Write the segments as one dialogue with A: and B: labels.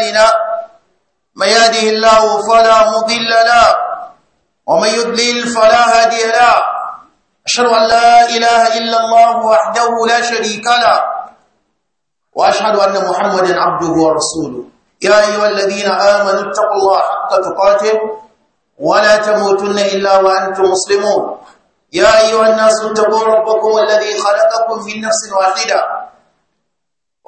A: أعمالنا ما يهده الله فلا مضل له ومن يضلل فلا هادي له أشهد أن لا إله إلا الله وحده لا شريك له وأشهد أن محمدا عبده ورسوله يا أيها الذين آمنوا اتقوا الله حق تقاته ولا تموتن إلا وأنتم مسلمون يا أيها الناس اتقوا ربكم الذي خلقكم من نفس واحدة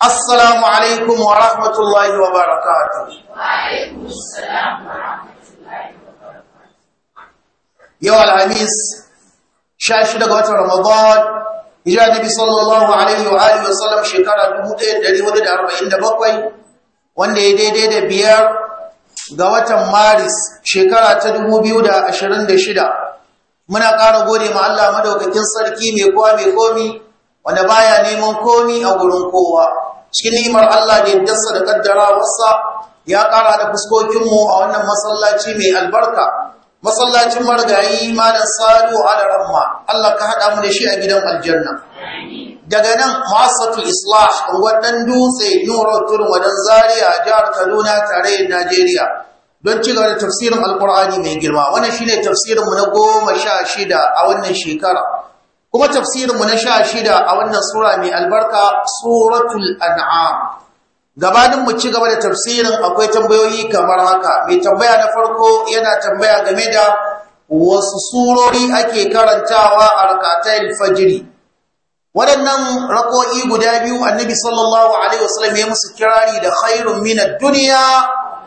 A: Assalamu alaikum wa rahmatullahi wa barakatuh. Yau Alhamis, sha shida ga watan Ramadan, hijira Nabi sallallahu alaihi wa alihi wa sallam shekara bakwai, wanda ya daidai da biyar ga watan Maris shekara ta shida. Muna ƙara gode ma Allah madaukakin sarki mai kowa mai komi. wanda baya neman komi a gurin kowa cikin ni'imar Allah da dasa da wasa ya ƙara da fuskokin mu a wannan masallaci mai albarka masallacin margayi malam sadu ala rahma Allah ka hada mu da shi a gidan aljanna daga nan masatul islah dan dutse nuro turin wadan zaria jihar kaduna da najeriya don ci gaba da tafsirin alkur'ani mai girma wannan shine tafsirin mu na goma sha shida a wannan shekara kuma tafsirinmu na sha shida a wannan sura mai albarka suratul an'am gabanin mu ci gaba da tafsirin akwai tambayoyi kamar haka mai tambaya na farko yana tambaya game da wasu surori ake karantawa a rakatayil fajiri waɗannan rako'i guda biyu annabi sallallahu alaihi wasallam ya musu kirari da khairun minad duniya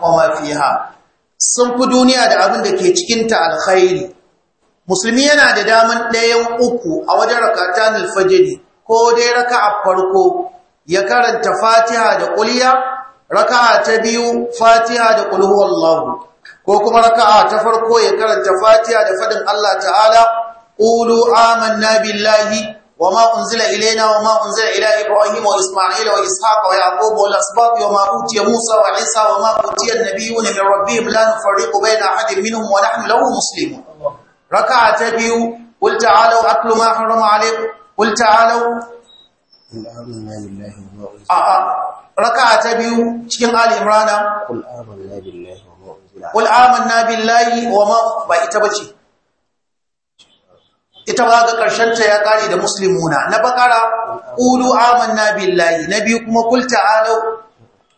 A: wa ma fiha sun fi duniya da abin da ke cikinta alkhairi musulmi yana da daman ɗayan uku a wajen rakatan alfajiri ko dai raka a farko ya karanta fatiha da ƙuliya raka'a ta biyu fatiha da ƙulhu wallahu ko kuma raka'a ta farko ya karanta fatiha da faɗin Allah ta'ala ƙulu amanna billahi wa ma ilaina wa ma unzila ila ibrahim wa isma'ila wa ishaqa wa yaqub wa al wa ma musa wa isa wa ma utiya an-nabiyyuna min rabbihim la nufarriqu bayna ahadin minhum wa nahnu lahu muslimun raka'a ta biyu qul ta'alu atlu raka'a ta biyu cikin ali imrana qul amanna billahi wa ma ba ita ita ba ga karshen ta ya kare da muslimuna na bakara qulu amanna billahi nabi kuma qul ta'alu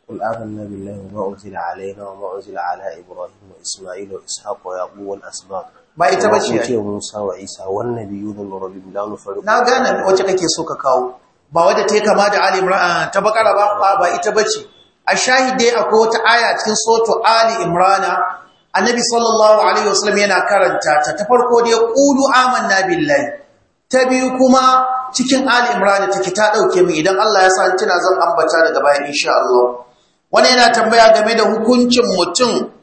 A: قل آمنا بالله وما أنزل علينا وما أنزل على إبراهيم وإسماعيل وإسحاق ويعقوب والأسباط ba ita ba ce ce Musa wa Isa wan nabiyuna rabbim la nufarriqu na gane wace kake so ka kawo ba wanda ta kama da Ali Imran ah, ta bakara ba ba ita bace a shahide akwai wata aya cikin soto Ali Imran annabi sallallahu alaihi wasallam yana karanta ta ta farko dai qulu amanna billahi ta biyu kuma cikin Ali Imran take ta dauke mu idan Allah ya sa tana zan ambata daga bayan insha Allah wani yana tambaya game da hukuncin mutum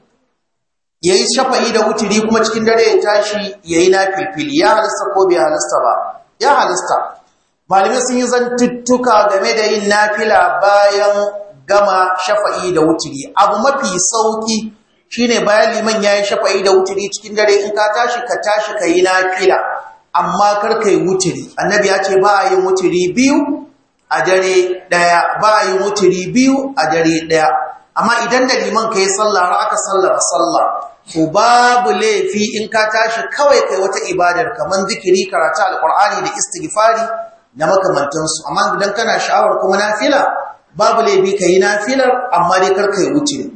A: Yayi shafa'i da wuturi kuma cikin dare ya tashi ya yi nafilfili ya halasta ko bai halasta ba ya halasta malamai sun yi zantuttuka game da yin nafila bayan gama shafa'i da wuturi abu mafi sauki shine bayan liman ya yi shafa'i da wuturi cikin dare in ka tashi ka tashi ka yi nafila amma kar ka yi wuturi annabi ya ce ba a wuturi biyu a dare ɗaya ba a wuturi biyu a dare ɗaya amma idan da liman ka yi sallah aka sallar sallah Ku babu laifi in ka tashi kawai kai wata ibadar kamar zikiri karatu alqur'ani da istighfari da makamantansu amma idan kana sha'awar kuma nafila babu laifi kai nafilar amma dai kar kai wuce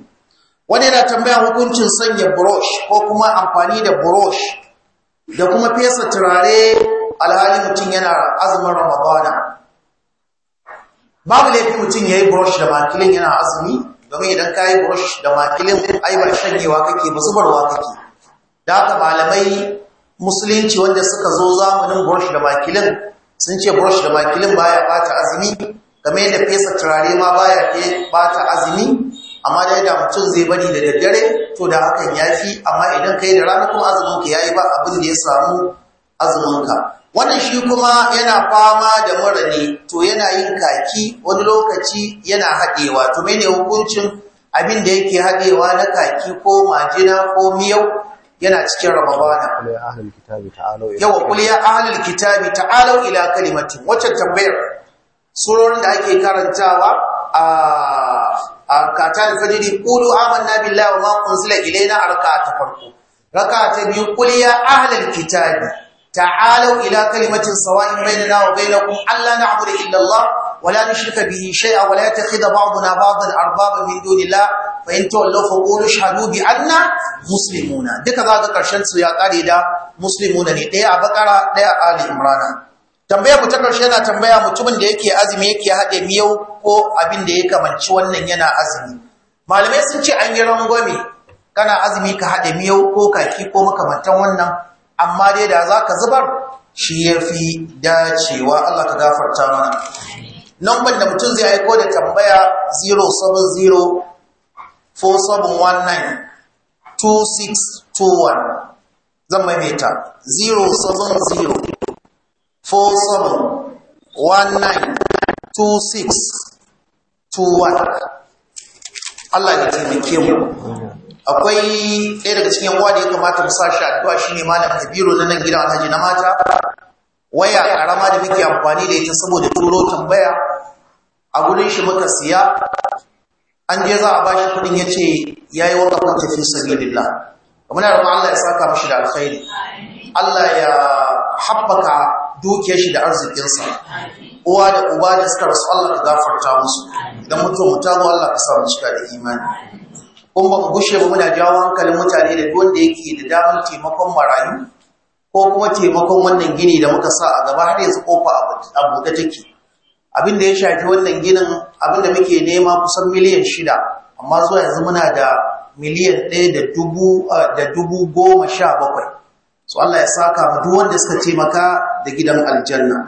A: wani yana tambaya hukuncin sanya brush ko kuma amfani da brush da kuma fesa turare alhali mutum yana azumin ramadana babu laifi mutum yayi brush da makilin yana azumi domin idan ka yi brush da makilin ai ba shagewa kake ba zubarwa kake da haka malamai musulunci wanda suka zo zamanin brush da makilin sun ce brush da makilin baya bata azumi game da fesa turare ma baya ke bata azumi amma dai da mutum zai bari da daddare to da hakan ya fi. amma idan kai da ranakun azumin ka yayi ba abin da ya samu azumin ka wannan shi kuma yana fama da mura to yana yin kaki wani lokaci yana haɗewa to mene hukuncin abin da yake haɗewa na kaki ko majina ko miyau yana cikin rababana yawa kuliya ahalul kitabi ta'alau ila kalimatin wacce tambayar surorin da ake karantawa a kata da fajiri kulu amanna billahi wa ma unzila ilaina arka ta farko raka ta biyu kuliya ahalul kitabi تعالوا الى كلمه سواء بيننا وبينكم الا نعبد الا الله ولا نشرك به شيئا ولا يتخذ بعضنا بعضا اربابا من دون الله فان تولوا فقولوا اشهدوا باننا مسلمون ديك ذا كرشن سو يا قاري دا مسلمون ني ديا بقره ديا آل إمرانا tambaya mu ta karshe yana tambaya mutumin da yake azumi yake haɗe miyau ko abin da ya kamanci wannan yana azumi malamai sun ce an yi rangwame kana azumi ka haɗe miyau ko kaki ko makamantan wannan amma dai da za ka zubar shi ya fi dacewa Allah ka gafarta mana Nomban da mutum zai aiko da tambaya 070-4719-2621 zan mai meta 070-4719-2621 Allah ya taimake mu akwai ɗaya daga cikin yawa da ya kamata mu sa shi addu'a shine malam Kabiru na nan gidan Alhaji na mata waya karama da muke amfani da ita saboda turo tambaya a gurin shi muka siya an je za a bashi kuɗin ya ce ya yi wakafin tafi kamar muna roƙon Allah ya saka mashi da alkhairi Allah ya haɓaka dukiyar shi da arzikinsa uwa da uba da suka rasu Allah ka gafarta musu idan mutum mutum Allah ka sa mu cika da imani kun ba mu gushe ba muna jawo hankalin mutane da wanda yake da damar taimakon marayu ko kuma taimakon wannan gini da muka sa a gaba har yanzu kofa a buɗe take abin da ya shafi wannan ginin abinda muke nema kusan miliyan shida amma zuwa yanzu muna da miliyan ɗaya da dubu goma sha bakwai so Allah ya saka ma duk wanda suka taimaka da gidan aljanna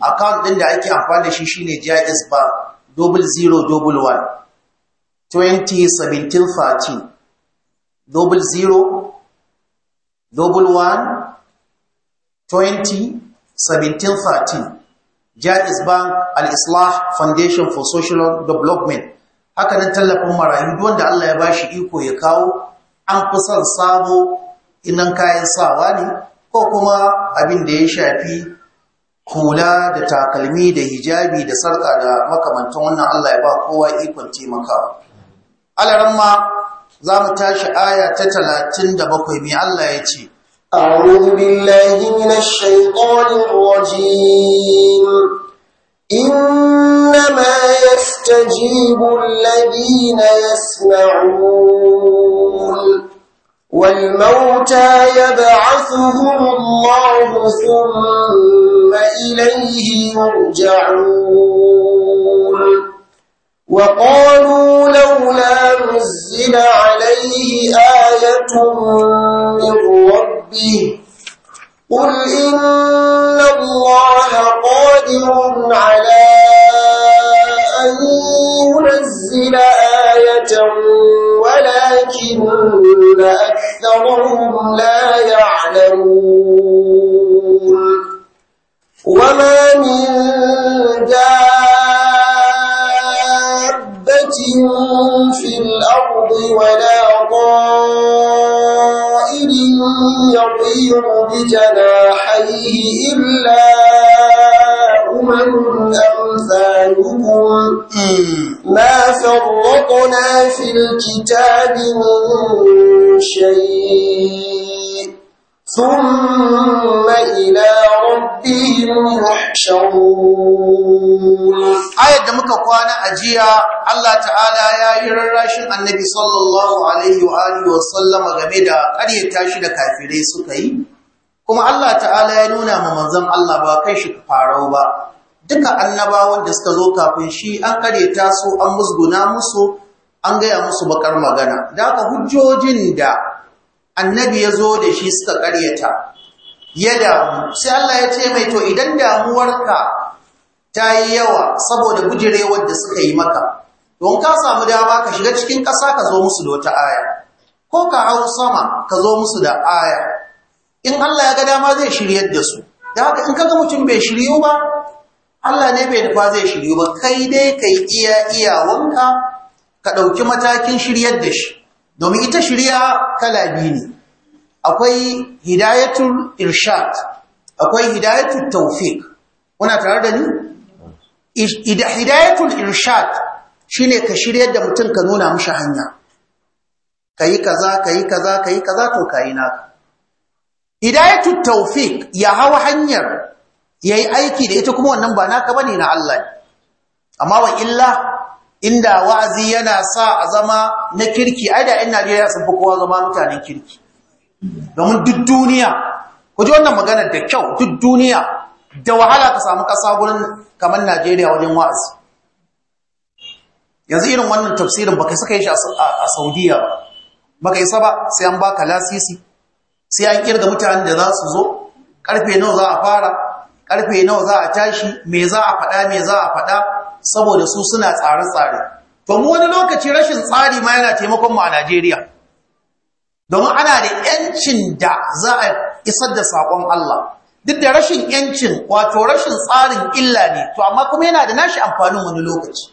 A: account ɗin da ake amfani da shi shine JIS ba double zero double one 20 17 13 Jadis Bank Al-Islah Foundation for Social Development haka nan tallafin marayu duk wanda Allah ya bashi iko ya kawo an fi son sabo inan kayan sawa ne ko kuma abin da ya shafi kula da takalmi da hijabi da sarka da makamantan wannan Allah ya ba kowa ikon taimakawa alaramma za mu tashi aya ta 37 mai Allah ya ce أعوذ بالله من الشيطان الرجيم
B: إنما يستجيب الذين يسمعون والموتى يبعثهم الله ثم إليه يرجعون وقالوا لولا نزل عليه آية من ربه قل إن الله قادر على أن ينزل آية ولكن أكثرهم لا يعلمون وما من دار في الأرض ولا طائر يطير بجناحيه إلا أمم أمثالكم ما فرطنا في الكتاب من شيء
A: ثم إلى ربهم يحشرون na ajiya Allah ta'ala ya yi rarrashin annabi sallallahu alaihi wa alihi wa sallama game da ƙaryata shi da kafire suka yi kuma Allah ta'ala ya nuna ma manzon Allah ba kai shi farau ba duka annabawan da suka zo kafin shi an ƙaryata su an musguna musu an gaya musu bakar magana da haka hujjojin da annabi ya zo da shi suka ƙaryata ya damu sai Allah ya ce mai to idan damuwarka ta yi yawa saboda bujirewar da suka yi maka don ka samu dama ka shiga cikin ƙasa ka zo musu da wata aya ko ka hau sama ka zo musu da aya in Allah ya ga dama zai shiryar da su da haka in kaga mutum bai shiryu ba Allah ne bai nufa zai shiryu ba kai dai yi iya iya wanka ka ɗauki matakin shiryar da shi domin ita shirya kala biyu ne akwai hidayatul irshad akwai hidayatul tawfiq kuna tare da ni hidayatul irshad shine ka shiryar da mutum ka nuna mishi hanya kayi kaza kayi kaza kayi kaza to kayi naka hidayatul tawfiq ya hawa hanyar yayi aiki da ita kuma wannan ba naka bane na Allah amma wa illa inda wa'azi yana sa a zama na kirki ai da 'yan Najeriya sun fi kowa zama mutanen kirki domin duk duniya ku ji wannan magana da kyau duk duniya da wahala ka samu ƙasa gurin kamar Najeriya wajen wa'azi yanzu irin wannan tafsirin baka suka yi shi a Saudiya ba baka isa ba sai an baka lasisi sai an kirga mutanen da za su zo karfe nawa za a fara karfe nawa za a tashi me za a faɗa me za a faɗa saboda su suna tsare-tsare to mu wani lokaci rashin tsari ma yana taimakon mu a Najeriya
B: domin ana da
A: yancin da za a isar da saƙon Allah duk da rashin yancin wato rashin tsarin illa ne to amma kuma yana da nashi amfanin wani lokaci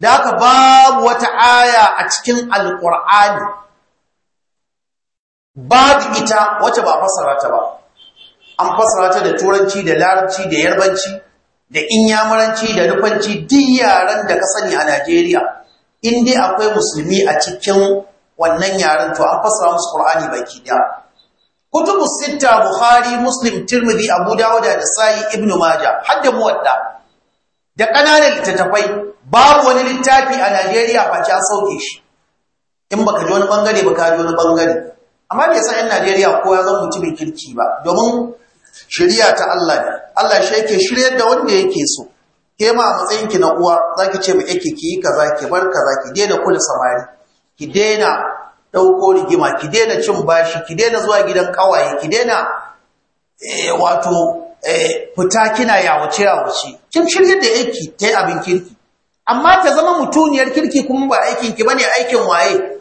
A: da haka babu wata aya a cikin alkur'ani babu ita wacce ba fasara ta ba an fasara ta da turanci da larabci da yarbanci da inyamuranci da nufanci duk yaren da ka sani a Najeriya in dai akwai musulmi a cikin wannan yaren to an fasara musu Qur'ani baki daya kutubu sitta bukhari muslim tirmidhi abu dawud da sa'i ibn majah hadda muwadda da ƙananan littattafai babu wani littafi a Najeriya face a sauke shi in baka ji wani ba ka ji wani bangare amma bai san yan Najeriya ko ya zama mutumin kirki ba domin shirya ta Allah ne Allah shi yake shiryar da wanda yake so ke ma a matsayin ki na uwa zaki ce ma yake ki yi kaza ki bar kaza ki daina kula samari ki daina Dauko rigima ki daina cin bashi ki daina zuwa gidan ƙawaye ki daina eh, wato eh, fita kina yawace yawace kin shirya da aiki ta abin kirki amma ta zama mutuniyar kirki kuma ba aikin ki bane aikin waye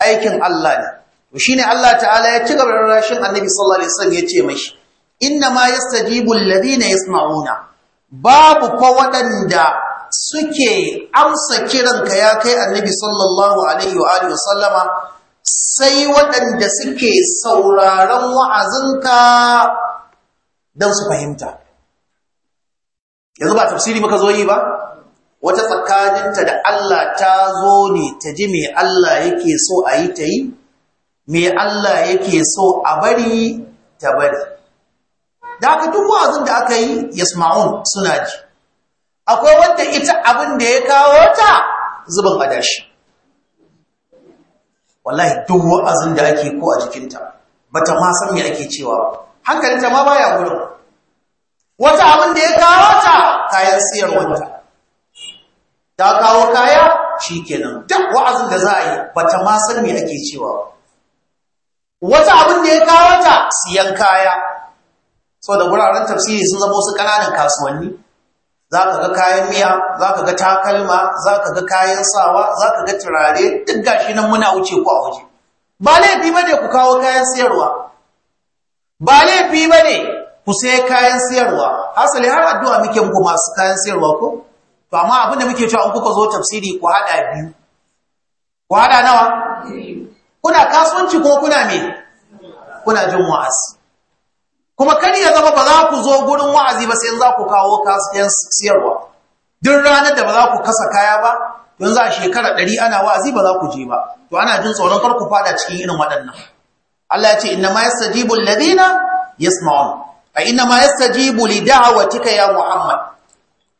A: aikin Allah ne to shine Allah ta'ala ya ci gaba da rashin Annabi sallallahu alaihi wasallam ya ce mashi inna ma yastajibu alladhina yasma'una babu fa waɗanda suke amsa kiranka ya kai Annabi sallallahu alaihi wa alihi wasallama sai waɗanda suke sauraron wa'azinka don su fahimta yanzu ba tafsiri muka zo yi ba wata tsakaninta da Allah ta zo ne ta ji me Allah yake so a yi ta yi me Allah yake so a bari ta bari da aka duk wa'azin da aka yi yasma'un suna ji akwai wanda ita abin da ya kawo ta zubin adashi wallahi duk wa'azin da ake ko a jikinta bata ma san me ake cewa hankalinta ma baya gurin wata abin da ya kawo ta kayan siyarwanta ta kawo kaya kenan duk wa'azin da za a yi bata ma san me ake cewa wata abin da ya kawo ta siyan kaya so da guraren tafsiri sun zama wasu ƙananan kasuwanni za ka ga kayan miya za ka ga takalma za ka ga kayan sawa za ka ga turare duk gashi nan muna wuce ku a waje ba laifi ba ne ku kawo kayan siyarwa ba laifi ba ne ku sai kayan siyarwa asali har addu'a muke muku masu kayan siyarwa ko to amma abin muke cewa an kuka zo tafsiri ku haɗa biyu ku haɗa nawa kuna kasuwanci ko kuna me kuna jin wa'azi kuma kar ya zama ba za ku zo gurin wa'azi ba sai za ku kawo kayan siyarwa duk ranar da ba za ku kasa kaya ba don za a shekara ɗari ana wa'azi ba za ku je ba to ana jin tsoron kar ku fada cikin irin waɗannan Allah ya ce inna ma yastajibu alladhina yasma'un a inna ma yastajibu li da'watika ya Muhammad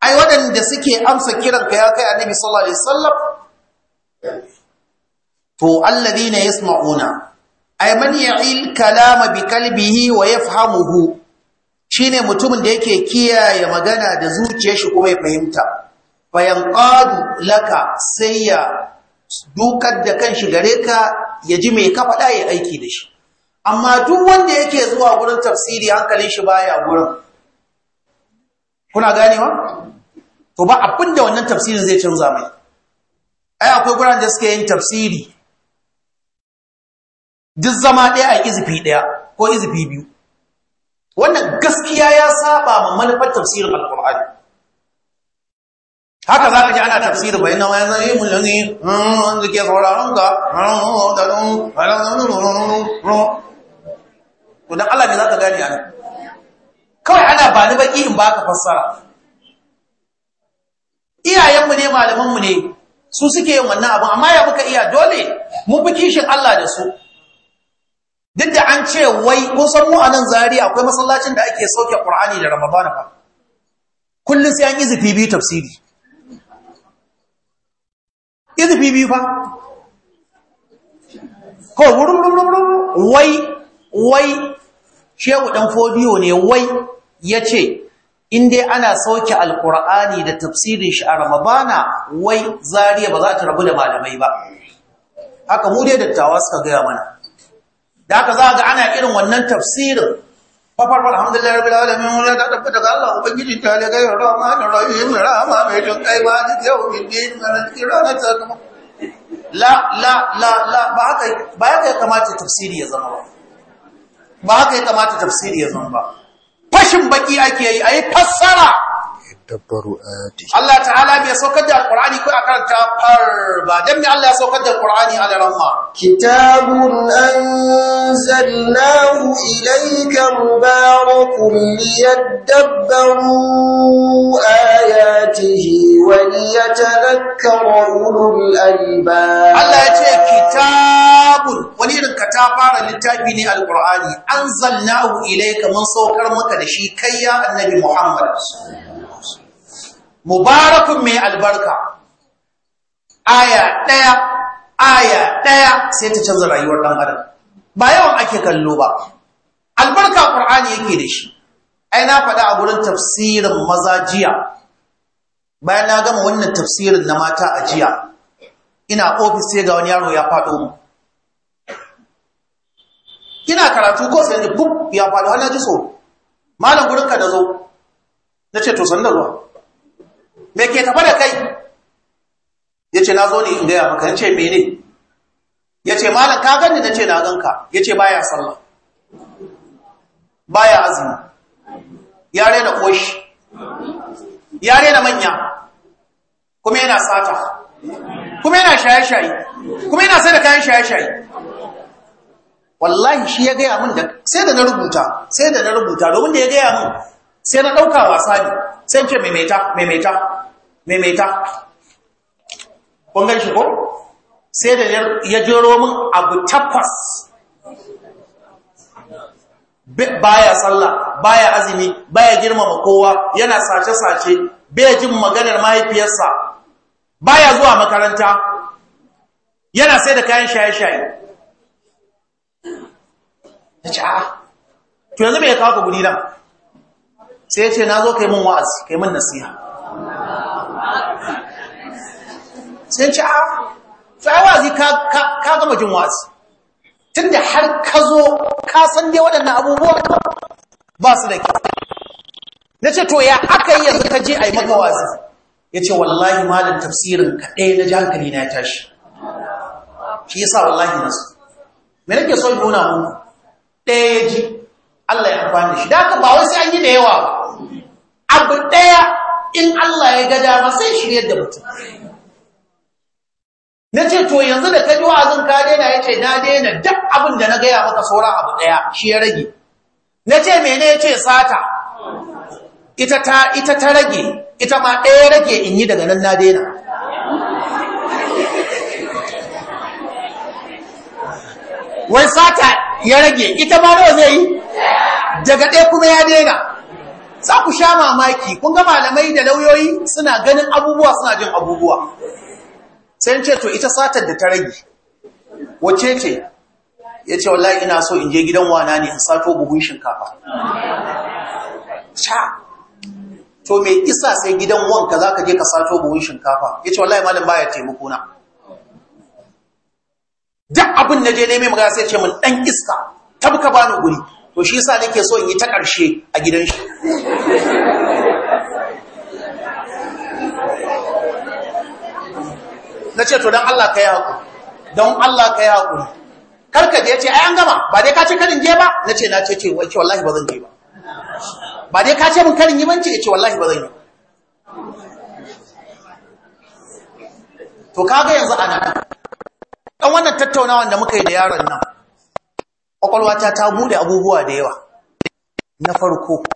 A: ai waɗanda suke amsa kiranka ya kai annabi sallallahu alaihi wasallam to alladhina yasma'una ay man ya'il kalama bi kalbihi wa yafhamuhu shine mutumin da yake kiyaye magana da zuciyar shi kuma ya fahimta fayanqadu laka sai ya dukar da kanshi gare ka ya ji mai ka faɗa ya aiki da shi amma duk wanda yake zuwa gurin tafsiri hankalin shi baya gurin kuna gane wa? to ba abinda wannan tafsirin zai canza mai ai akwai gurin da suke yin tafsiri duk zama ɗaya a izifi ɗaya ko izifi biyu wannan gaskiya ya saba ma manufar tafsirin alkur'ani haka za ka ji ana tafsirin bayan nan yanzu yi mulani da ke sauraron ga, ka kudan Allah ne za ka gani ana kawai ana ba ni baki in ba ka fassara iyayenmu ne malamanmu ne su suke yin wannan abin amma ya muka iya dole mun fi kishin Allah da su duk da an ce wai kusan mu a nan Zariya akwai masallacin da ake sauke ƙurani da Ramadana fa Kullum sai an izifi biyu tafsiri izifi biyu fa ko wururururu wai wai shehu ɗan fodiyo ne wai ce in dai ana sauke Alƙur'ani da tafsirin shi a Ramadana wai Zariya ba za ta rabu da malamai ba haka mu dai dattawa suka gaya mana da aka za ga ana irin wannan tafsirin fafar alhamdulillah da alamin wala ta tabbata ga Allah ubangiji ta da ga rahman rahim rahma mai jin kai ba da yau min da kira na ta la la la la ba haka ba haka kamata tafsiri ya zama ba ba haka ya kamata tafsiri ya zama ba fashin baki ake yi a yi fassara
B: tadabbaru ayati
A: Allah ta'ala bai saukar da alqur'ani ko a karanta ba dan me Allah ya saukar da alqur'ani ala rahma
B: kitabun anzalnahu ilayka mubarakun liyadabbaru ayatihi
A: wa liyatadhakkaru ulul albab Allah ya ce kitabun wani irin katafara littafi ne alqur'ani anzalnahu ilayka mun saukar maka da shi kai ya annabi Muhammad mubarakun mai albarka aya ɗaya aya ɗaya sai ta canza rayuwar ɗan adam ba yawan ake kallo ba albarka ƙur'ani yake da shi ai na faɗa a gurin tafsirin maza jiya bayan na gama wannan tafsirin na mata a jiya ina ofis sai ga wani yaro ya faɗo mu ina karatu ko sai ya faɗo har ji so malam gurinka da zo na ce to sannan ruwa me ke tafa da kai ya ce na zo ne in gaya maka ya ce mene ya ce malam ka gani na ce na ganka ya ce baya sallah baya azumi ya rena koshi ya rena manya kuma yana sata kuma yana shaye-shaye kuma yana sai da kayan shaye-shaye wallahi shi ya gaya min da sai da na rubuta sai da na rubuta domin da ya gaya min sai na ɗauka wasa ne sai ce maimaita maimaita mai ta ƙungar shi ko sai da ya jero min abu takwas baya sallah baya azumi baya girmama kowa yana sace-sace bai jin maganar mahaifiyarsa baya zuwa makaranta yana sai da kayan shaye-shaye ta ci a to yanzu ya kawo ka guri nan sai ya ce na zo ka yi min wa'azi ka yi min nasiha sai ce a sai wazi ka gama jin wazi Tun da har ka zo ka san dai waɗannan abubuwan ba su da kyau na ce to ya aka yi yanzu ka je a yi maka wazi ya ce wallahi malam tafsirin kaɗai na ji hankali na ya tashi shi yasa wallahi nasu me nake son nuna muku ɗaya ya ji Allah ya amfani shi da haka ba wai sai an yi da yawa abu ɗaya in Allah ya ga dama sai shiryar da mutum na ce to yanzu da ta ji wa'azin ka daina ya ce na daina duk abin da na gaya maka sauran abu ɗaya shi ya rage na ce mene ya ce sata ita ta ita ta rage ita ma ɗaya rage in yi daga nan na daina wai sata ya rage ita ma nawa zai yi daga ɗaya kuma ya daina za ku sha mamaki kun ga malamai da lauyoyi suna ganin abubuwa suna jin abubuwa sai ce to ita satar da ta rage wace ce ya ce wallahi ina so in je gidan wana ne in sato buhun shinkafa Cha, to me isa sai gidan wanka za ka je ka sato buhun shinkafa ya ce wallahi malam baya taimako na duk abin na je neme magana sai ce mun dan iska tabka bani guri to shi yasa nake so in yi ta karshe a gidan shi na ce to don Allah ka yi haƙuri don Allah ka yi haƙuri karka da ya ce ai an gama ba dai ka ce karin je ba na ce na ce ce ce wallahi ba zan je ba ba dai ka ce min karin yi ban ce ce eh, wallahi ba zan yi to ka ga yanzu ana nan dan wannan tattaunawan da muka yi da yaron nan kwakwalwata ta bude abubuwa da yawa na farko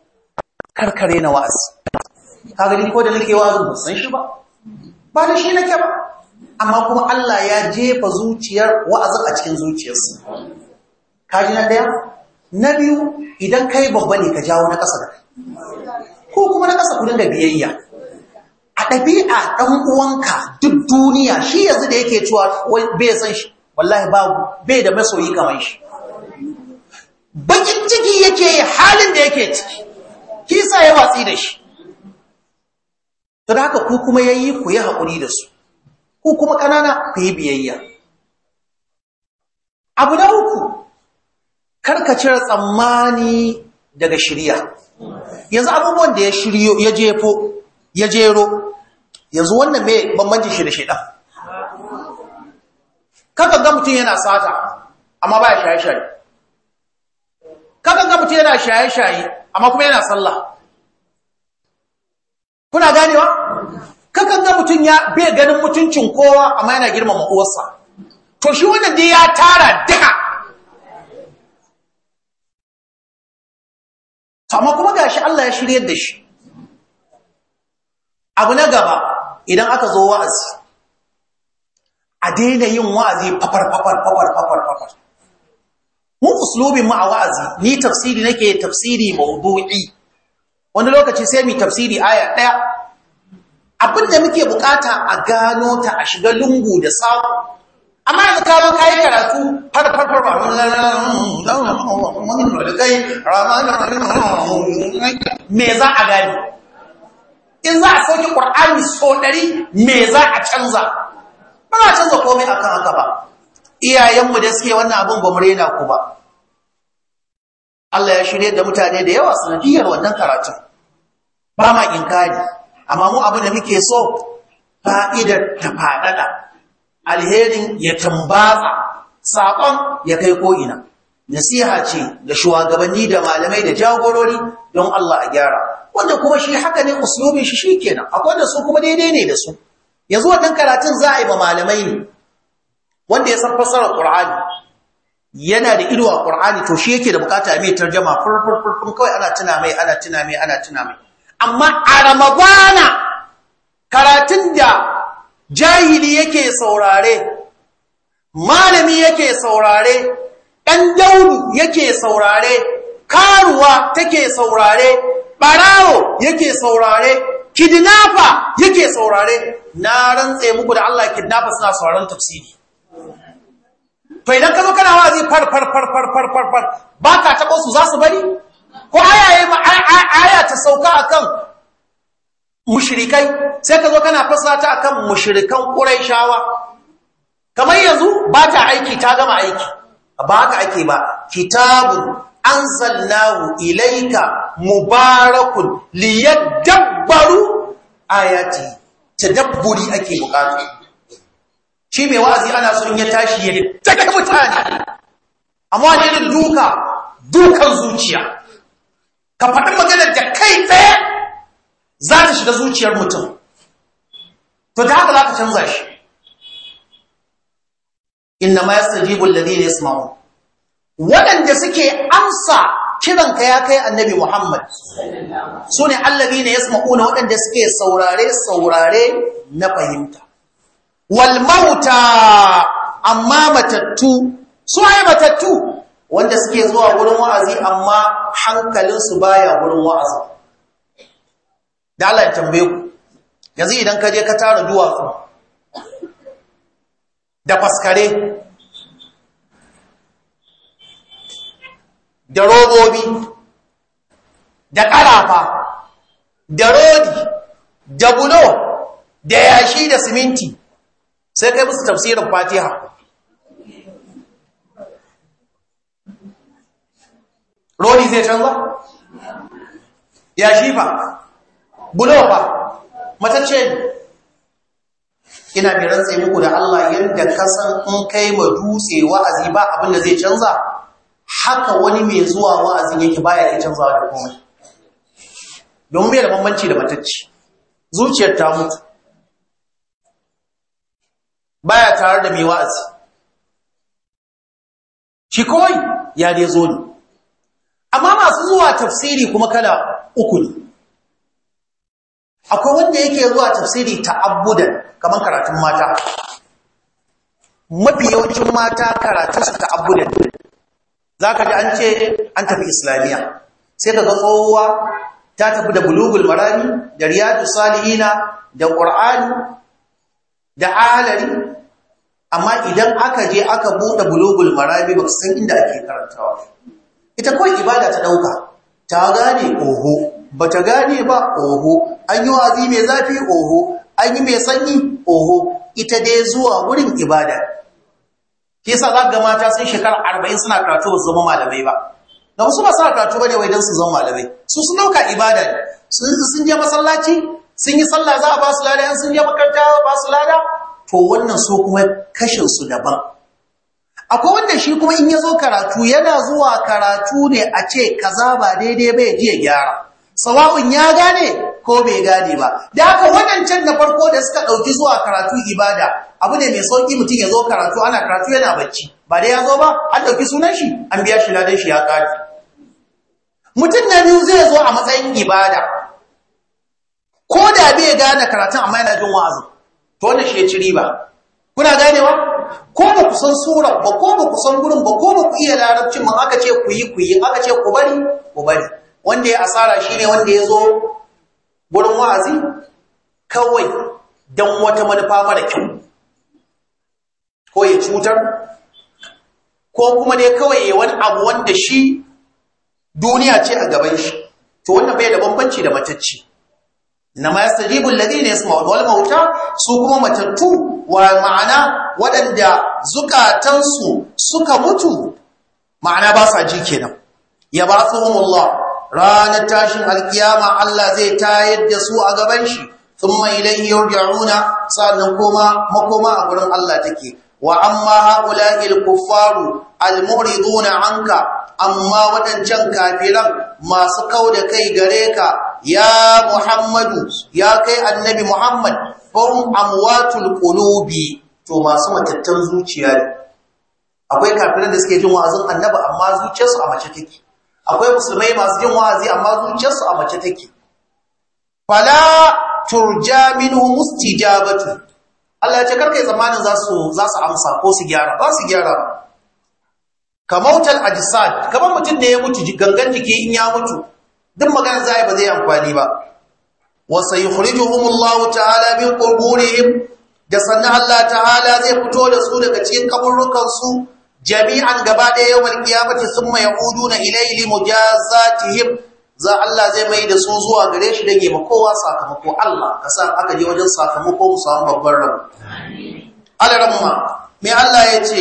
A: karkare na wa'azi ga ni ko da nake wa'azi ban san shi ba ba da shi nake ba amma kuma Allah ya jefa zuciyar wa'azin a cikin zuciyarsu kaji na ɗaya? na biyu idan kai babba ne ka jawo na ƙasa da kai ko kuma na ƙasa ku da biyayya a ɗabi'a ɗan uwanka duk duniya shi yanzu da yake cewa bai san shi wallahi ba bai da masoyi kamar shi bakin ciki yake yi halin da yake ciki kisa ya watsi da shi Da haka ku kuma ya yi ku yi haƙuri da su ku kuma ƙanana ku yi biyayya abu na uku karka cire tsammani daga shirya yanzu abubuwan da ya shiryo ya jefo ya jero yanzu wannan mai bambanci shi da ɗan. Kaka ga mutum yana sata amma ba ya shaye-shaye Kaka ga mutum yana shaye-shaye amma kuma yana sallah kuna ganewa kakan ga mutum ya bai ganin mutuncin kowa amma yana girmama uwarsa to shi wannan dai ya tara duka amma kuma ga shi Allah ya shiryar da shi abu na gaba idan aka zo wa'azi a daina yin wa'azi fafar fafar fafar fafar fafar mun uslubin mu a wa'azi ni tafsiri nake tafsiri mawdu'i wani lokaci sai mu tafsiri aya ɗaya. abin da muke bukata a gano ta a shiga lungu da samu amma yanzu ka yi karatu har farfar ba me za a gani in za a sauki ƙwar'ani so ɗari me za a canza ba za a canza komai akan haka ba iyayenmu da suke wannan abin ba mu rena ku ba Allah ya shirya da mutane da yawa sanadiyar wannan karatun ba ma inkari amma mu abin da muke so fa'idar ta faɗaɗa alherin ya tambatsa saƙon ya kai ko'ina nasiha ce da shugabanni da malamai da jagorori don Allah a gyara wanda kuma shi haka ne uslubin shi shikenan akwai da su kuma daidai ne da su yanzu wannan karatun za a yi ba malamai ne wanda ya san fasara Qur'ani yana da ido a Qur'ani to shi yake da bukata mai tarjuma furfurfurfun kawai ana tuna mai ana tuna mai ana tuna mai amma a ramadana karatun da jahili yake saurare malami yake saurare ɗan daudu yake saurare karuwa take saurare ɓarawo yake saurare kidnafa yake saurare na rantse muku da Allah kidnafa suna sauraron tafsiri to idan ka zo kana wazi far far far far far far ba ka taɓa su za su bari ko aya ta sauka akan mushrikai sai ka zo kana fasa ta akan mushrikan ƙuraishawa kamar yanzu ba ta aiki ta gama aiki ba haka ake ba kitabun anzalnahu ilaika mubarakun liyadabbaru ayati tadabburi ake bukatu shi mai wa'azi ana so in ya tashi ya take mutane amma ne duka dukan zuciya ka faɗi maganar da kai tsaye za ta shiga zuciyar mutum to ta haka za ka canza shi inna ma yastajibu alladhina yasma'un waɗanda suke amsa kiranka ya kai annabi Muhammad su ne allabi ne ya sama'una waɗanda suke saurare-saurare na fahimta. Walmauta amma matattu, su haye matattu wanda suke zuwa wurin wa'azi amma hankalinsu baya wurin wa'azi da Allah ya tambaye ku yanzu idan ka je ka tara duwatsu da faskare da robobi da ƙarafa da rodi da bulo da yashi da siminti sai kai musu tafsirin fatiha rodi zai canza ya shi fa, bulo fa matacce ina mai rantsa muku da Allah yadda kasan in kai ma dutse wa'azi ba abin da zai canza haka wani mai zuwa wa'azi yake baya ya canza da komai don bai da bambanci da matacce zuciyar ta mutu baya tare da mai wa'azi shi kawai ya dai zo ne amma masu zuwa tafsiri kuma kala uku ne akwai wanda yake zuwa tafsiri ta abudan kamar karatun mata mafi yawancin mata karatun su Za ka ji an ce an tafi islamiyya sai kaga tsohuwa ta tafi da bulugul marami da riyadu salihina da ƙur'ani, da alari amma idan aka je aka buɗe bulugul marami ba san inda ake karantawa ita kawai ibada ta ɗauka ta gane oho ba ta gane ba oho an yi wazi mai zafi oho an yi mai sanyi oho ita dai zuwa wurin ibada ke sa za ga mata sun shekara arba'in suna karatu ba su zama malamai ba da wasu masu karatu ba ne wai don su zama malamai su sun ɗauka ibada ne sun je masallaci sun yi sallah za a ba su lada sun je makaranta ba su lada to wannan su kuma kashin su daban akwai wanda shi kuma in ya zo karatu yana zuwa karatu ne a ce kaza ba daidai bai ji ya gyara sawa'un ya gane ko bai gane ba da haka wadancan na farko da suka ɗauki zuwa karatu ibada abu ne mai sauƙi mutum ya zo karatu ana karatu yana bacci ba dai ya zo ba an ɗauki sunan shi an biya shi ladan shi ya ƙari mutum na biyu zai zo a matsayin ibada ko da bai gane karatu amma yana jin wa'azi to wanda shi ya ci riba kuna ganewa ko ba ku san surar ba ko ba ku san gurin ba ko ba ku iya larabcin ma aka ce ku yi ku yi aka ce ku bari ku bari wanda ya asara shi ne wanda ya zo wurin wa'azi kawai don wata manufa mara kyau ko ya cutar ko kuma ne kawai ya wani abu wanda shi duniya ce a gaban shi to wannan bai da bambanci da matacci inma yastajibu alladhina yasma'un wal mauta su kuma matattu wa ma'ana waɗanda zukatansu suka mutu ma'ana ba sa ji kenan ya Allah? ranar tashin alkiyama Allah zai tayar da su a gaban shi thumma ilayhi yurja'una sannan koma makoma a gurin Allah take wa amma haula'il kuffaru almuriduna anka amma wadancan kafiran masu kauda kai gare ka ya muhammadu ya kai annabi muhammad hum amwatul qulubi to masu matattan zuciya ne akwai kafiran da suke jin wa'azin annabi amma zuciyarsu a mace take akwai musulmai masu jin wa'azi amma zuciyarsu a mace take fala turja minhum istijabatu Allah ya ce karkai tsammanin za su za su amsa ko su gyara ba su gyara Kamautar kamautal ajsad kamar mutum da ya mutu gangan jiki in ya mutu duk magana zai ba zai amfani ba wa sayukhrijuhum Allah ta'ala min quburihim da sannan Allah ta'ala zai fito da su daga cikin kaburrukan su jami'an gaba da yawan kiyamati summa na ilayhi mujazatihim za Allah zai mai da su zuwa gare shi da ma kowa sakamako Allah ka sa aka je wajen sakamako mu samu babban rabu alaramma me Allah ya ce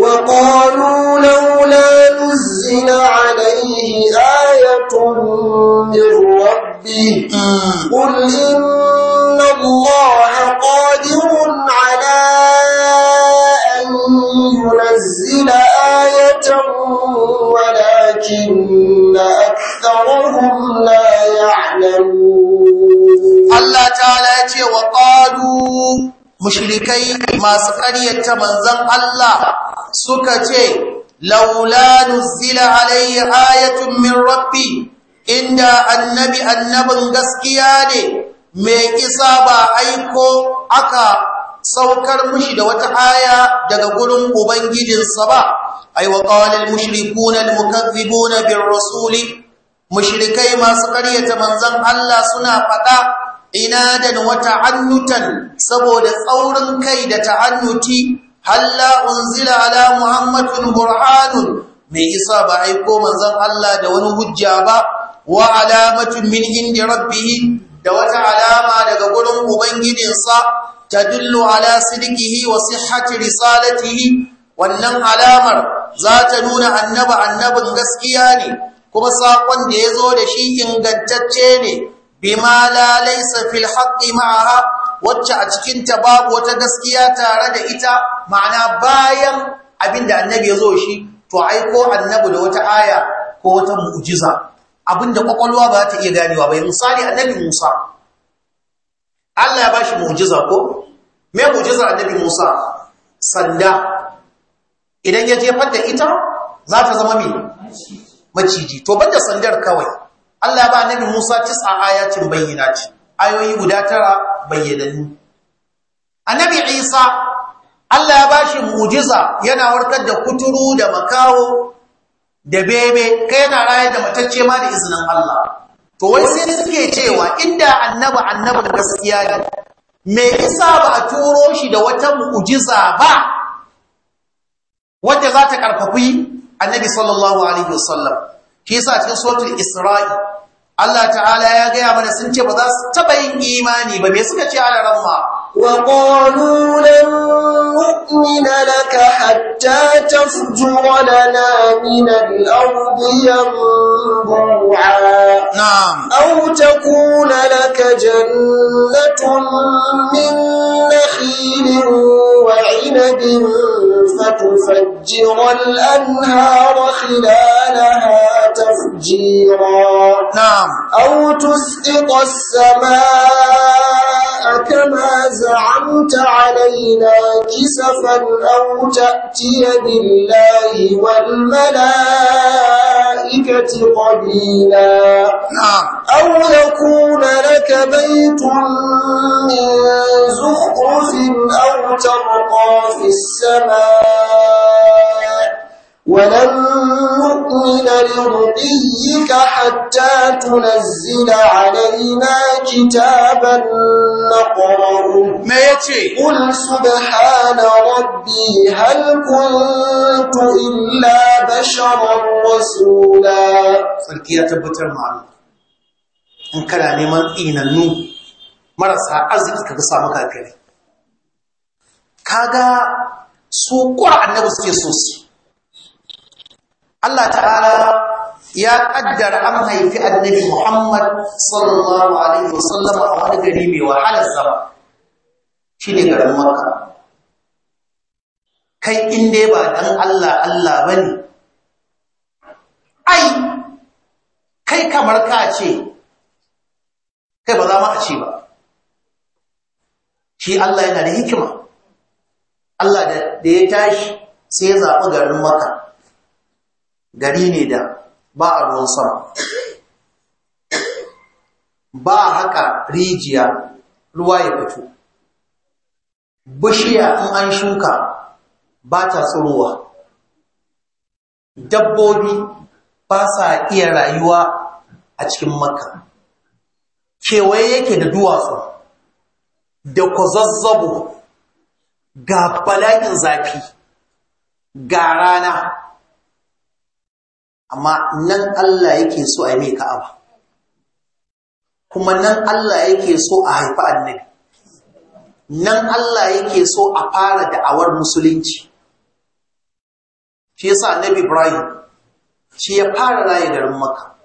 A: wa
B: qalu laula nuzila alayhi ayatun min rabbi hmm. qul inna allaha qadirun ala ينزل آية ولكن أكثرهم لا يعلمون الله
A: تعالى وقالوا mushrikai masu ƙaryata manzon Allah suka ce laula nuzila alayhi ayatun min rabbi inda annabi annabin gaskiya ne mai isa ba aiko aka saukar mushi da wata aya daga gurin ubangijinsa ba ai wa qala al mushrikuuna bin rasuli Mushirikai masu karyata manzon Allah suna faɗa. ina inadan wa ta'annutan saboda tsaurin kai da ta'annuti halla unzila ala muhammadin burhanun mai isa ba aiko manzon Allah da wani hujja ba wa alamatun min indi rabbih da wata alama daga gurin ubangijinsa تدل على صدقه وصحة رسالته wannan alamar za ta nuna annaba annabin gaskiya ne kuma saƙon da ya zo da shi ingantacce ne bima la laysa fil haqqi ma'aha wacce a cikin ta babu wata gaskiya tare da ita ma'ana bayan abinda annabi ya zo shi to ai ko annabi da wata aya ko wata mu'jiza abinda kwakwalwa ba ta iya ganewa ba misali annabi Musa Allah ya bashi mu'jiza ko me mujizar annabi Musa sanda idan ya jefar da ita za ta zama mai maciji to banda sandar kawai Allah ba annabi Musa tis'a ayatin ce. ayoyi guda tara bayyanannu annabi Isa Allah ya bashi mujiza yana warkar da kuturu da makawo da bebe kai yana raye da matacce ma da izinin Allah
B: to wai sai suke cewa
A: inda annabi annabin gaskiya ne me yasa ba a turo shi da wata mu'jiza ba wanda za ta karfafi annabi sallallahu alaihi wasallam shi yasa cikin suratul isra'i Allah ta'ala ya ga mana sun ce ba za su taba yin imani ba me suka ce ala rabba
B: وقالوا لن نؤمن لك حتى تفجر لنا من الأرض ينبوعا نعم أو تكون لك جنة من نخيل وعنب فتفجر الأنهار خلالها تفجيرا نعم أو تسقط السماء كما زال زعمت علينا كسفا أو تأتي بالله والملائكة قبيلا نعم. أو يكون لك بيت من زخرف أو ترقى في السماء ولن نؤمن لرقيك حتى تنزل علينا كتابا نقرأه قل سبحان ربي هل كنت
A: إلا بشرا رسولا فالكية تبتر معنا إن كان نمان إينا نو مرسى أزكي كبسا مكاكري كاغا سوكور عن نفسك يسوسي Allah ta'ala ya kaddara an haifi annabi Muhammad sallallahu alaihi wasallam a wani gari mai wahalar zama shi ne garin Makka kai in dai ba dan Allah Allah bane ai kai kamar ka ce kai ba za ma a ce ba shi Allah yana da hikima Allah da ya tashi sai ya zaɓi garin maka gari ne da ba a ruwan sama ba haka rijiya ruwa ya fito bishiya in an shuka ba ta tsirowa dabbobi ba sa iya rayuwa a cikin makka kewaye yake da duwatsu da kwazazzabo ga bala'in zafi ga rana amma nan Allah yake so a yi mai ka'aba kuma nan Allah yake so a haifi annabi nan Allah yake so a fara da'awar musulunci shi yasa annabi Ibrahim shi ya fara raye garin Makka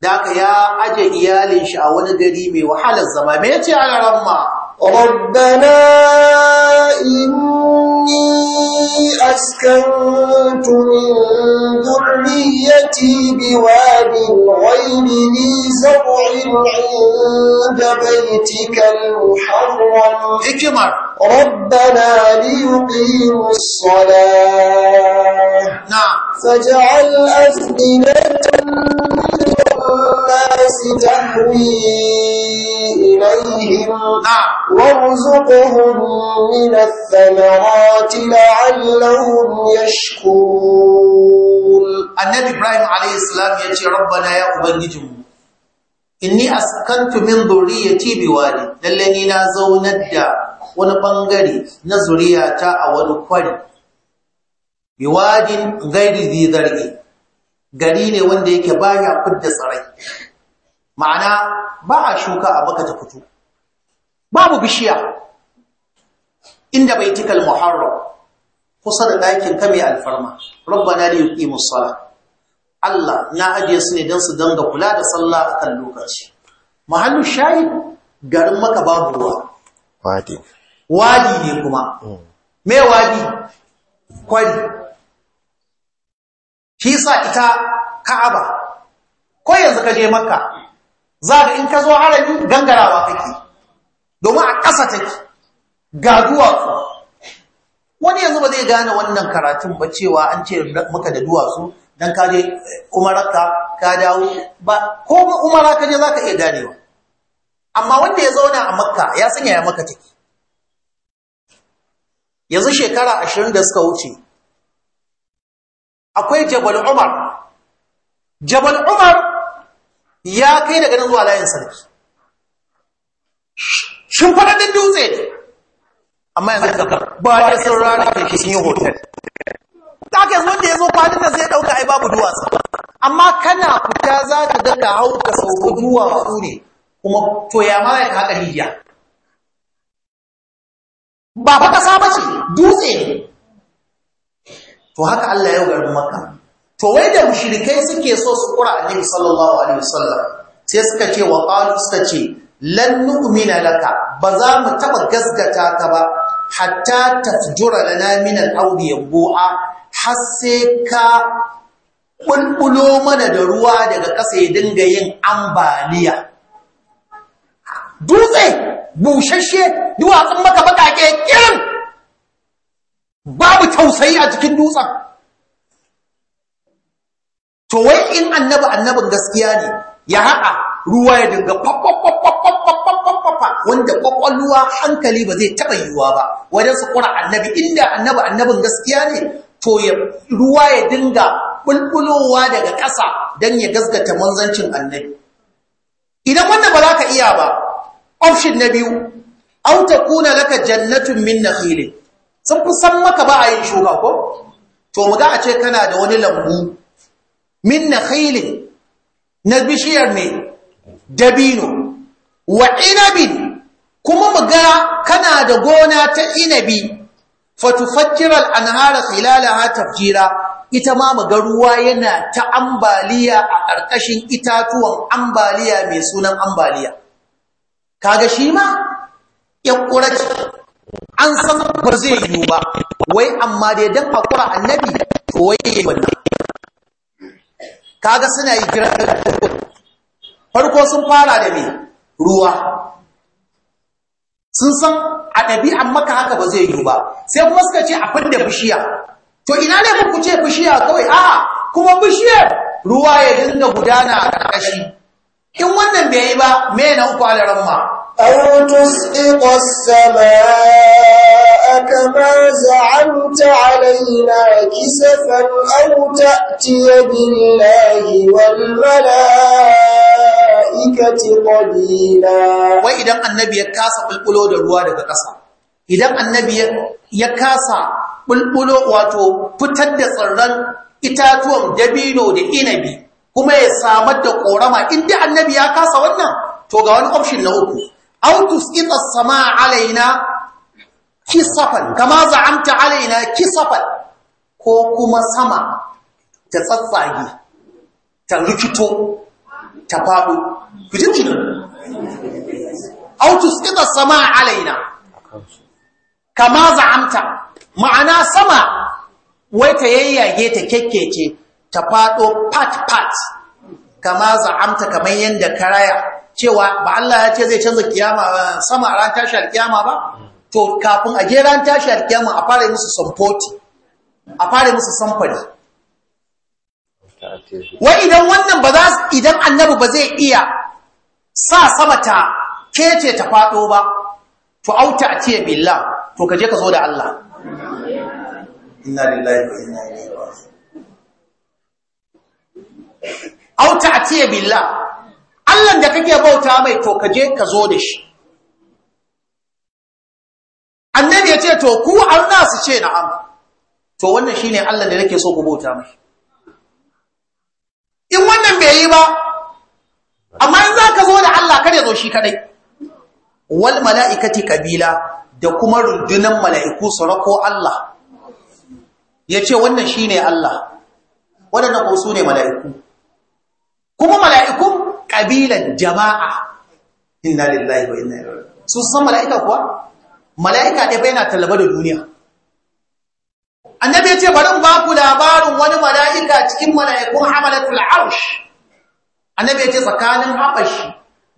A: da aka ya aje iyalin shi a wani gari mai wahalar zama me yace a garin ma rabbana inni askantu
B: min تأتي بواد غير ذي زرع عند بيتك المحرم اجمع ربنا ليقيم الصلاة نعم فاجعل أفئدة الناس تهوي إليهم
A: وارزقهم من الثمرات لعلهم يشكرون النبي إبراهيم عليه السلام يأتي ربنا يا أبنجم inni askantu min zuriyati biwadi lalle ni na zaunar da wani bangare na ta a wani kwari biwadin gairi zai zargi gari ne wanda yake baya fidda tsarai ma'ana ba a shuka a baka ta fito babu bishiya inda baitikal muharram kusa da ɗakin ka mai alfarma rabbana li yuqimus sala Allah na ajiye su ne dan su danga kula da sallah akan lokaci mahallu shahid garin maka babu ruwa wadi wadi ne kuma mm. me wadi kwari shi sa ita ka'aba ko yanzu ka je makka za ga in ka zo harami gangarawa kake domin a ƙasa take ga duwatsu wani yanzu ba zai gane wannan karatun ba cewa an ce maka da duwatsu don ka je umararka ka dawo ba ko umara ka je za ka iya ganewa amma wanda ya zauna a makka ya sanya ya maka take yanzu shekara ashirin da suka wuce akwai jabal umar jabal umar ya kai daga nan zuwa layin sarki shin faɗaɗin dutse ne amma yanzu ka ba da sauran da ke sun yi hotel ta ka yanzu wanda ya zo kwanan da zai ɗauka ai babu duwatsu amma kana fita za ka ga ka hau ka sauko duwatsu ne kuma to ya ma ya haka hijiya ba fa sa ba ce dutse ne to haka Allah ya garbi maka? to wai da mushrikai suke so su kura annabi sallallahu alaihi wasallam sai suka ce wa qalu suka ce lan nu'mina laka ba za mu taba gasgata ka ba hatta tafjura lana min al ya yabu'a har sai ka bulbulo mana da ruwa daga ƙasa ya dinga yin ambaliya dutse bushashe duwatsun maka bakake kirin babu tausayi a cikin dutsen to wai in annabi annabin gaskiya ne ya haɗa ruwa ya dinga wanda ƙwaƙwalwa hankali ba zai taɓa yiwuwa ba wajen su ƙura annabi inda annabi annabin gaskiya ne to ruwa ya dinga bulbulowa daga ƙasa don ya gasgata manzancin annabi idan wanda ba za ka iya ba option na biyu auta kuna laka jannatun min nakhilin sun fi san maka ba a yin shuka ko to mu ga a ce kana da wani lambu min na khilin na bishiyar ne dabino wa inabin kuma mu ga kana da gona ta inabi fatufakkiral anhara khilalaha tafjira ita ma mu ga ruwa yana ta ambaliya a ƙarƙashin itatuwan ambaliya mai sunan ambaliya kaga shi ma ya ƙurace an san ba zai yiwu ba wai amma dai dan hakura annabi to wai yayi wannan kaga suna yi ko. farko sun fara da me ruwa sun san a ɗabi'an maka haka ba zai yiwu ba sai kuma suka ce a fanda bishiya to ina ne ku ce bishiya kawai a kuma bishiyar ruwa ya dinga gudana a ƙarƙashi in wannan bai yi ba me nan kwalaran ma
B: أو تسقط السماء كما زعمت علينا كسفا
A: أو تأتي بالله والملائكة قبيلا وإذا النبي كاسا قلقلو دروا daga ƙasa idan annabi ya kasa bulbulo wato fitar da tsirran itatuwan dabino da inabi kuma ya samar da korama inda annabi ya kasa wannan to ga wani option na uku aw tusqita as-samaa alaina kisafan kama za'amta alaina kisafan ko kuma sama ta tsatsage ta rikito ta faɗo ku ji kidan aw tusqita as-samaa alaina kama za'amta ma'ana sama wai ta yayyage ta kekkece ta faɗo pat pat kama za'amta kamar yanda karaya cewa ba Allah ya ce zai canza kiyama eh, sama ran tashi alkiyama ba to kafin a je ran tashi alkiyama a fara musu samfoti a fara musu samfari wai idan wannan ba za idan annabi ba zai iya sa sama ta kece ta fado ba to auta a ce billah to ka je ka zo da Allah inna lillahi wa inna ilaihi raji'un auta a ce billah Allahn da kake bauta mai to ka je ka zo da shi. Annabi ya ce to ku Allah su ce na'am. To wannan shine Allah da nake so ku bauta mai. In wannan bai yi ba, amma in za ka zo da Allah kada zo shi kadai. Wal mala'ikati kabila da kuma rundunan mala'iku su rako Allah. Ya ce wannan shine Allah, waɗannan kuma su ne mala'iku. Kuma mala'ikun ƙabilar jama'a inna lillahi wa inna sun san mala'ika kuwa mala'ika ɗaya bai na talaba da duniya annabi ya ce bari ba ku labarin wani mala'ika cikin mala'ikun hamalatul arsh annabi ya ce tsakanin habashi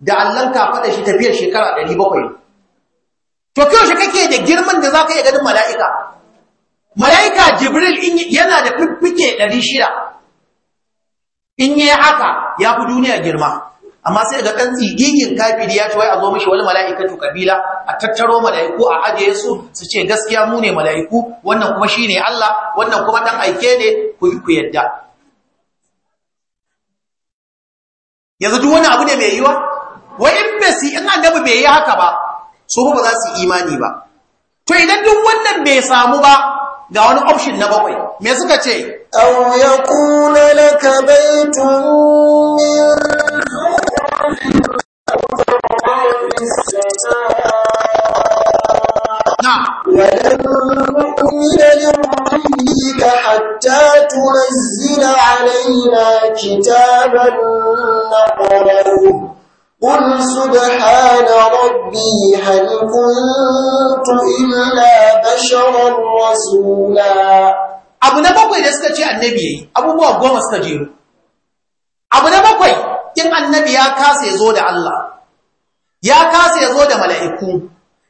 A: da allan kafaɗa shi tafiyar shekara 700 to kyau shi kake da girman da za ka iya ganin mala'ika mala'ika jibril yana da fiffike 600 in yi haka ya fi duniya girma amma sai ga kan tsigigin kafiri ya ci wai a zo mishi wani mala'ikatu kabila a tattaro mala'iku a ajiye su su ce gaskiya mu ne mala'iku wannan kuma shi ne Allah wannan kuma dan aike ne ku ku yadda yanzu duk wani abu ne mai yiwa wai in basi in dabu bai yi haka ba su ba za su imani ba to idan duk wannan bai samu ba ga wani option na bakwai me suka ce aw yakuna laka baytun
B: na حتى تنزل علينا كتابا نقرأه قل سبحان ربي هل كنت
A: إلا بشرا رسولا abu na bakwai da suka ce annabi yayi abubuwa goma suka jero abu na bakwai in annabi ya kasa ya zo da Allah ya kasa ya zo da mala'iku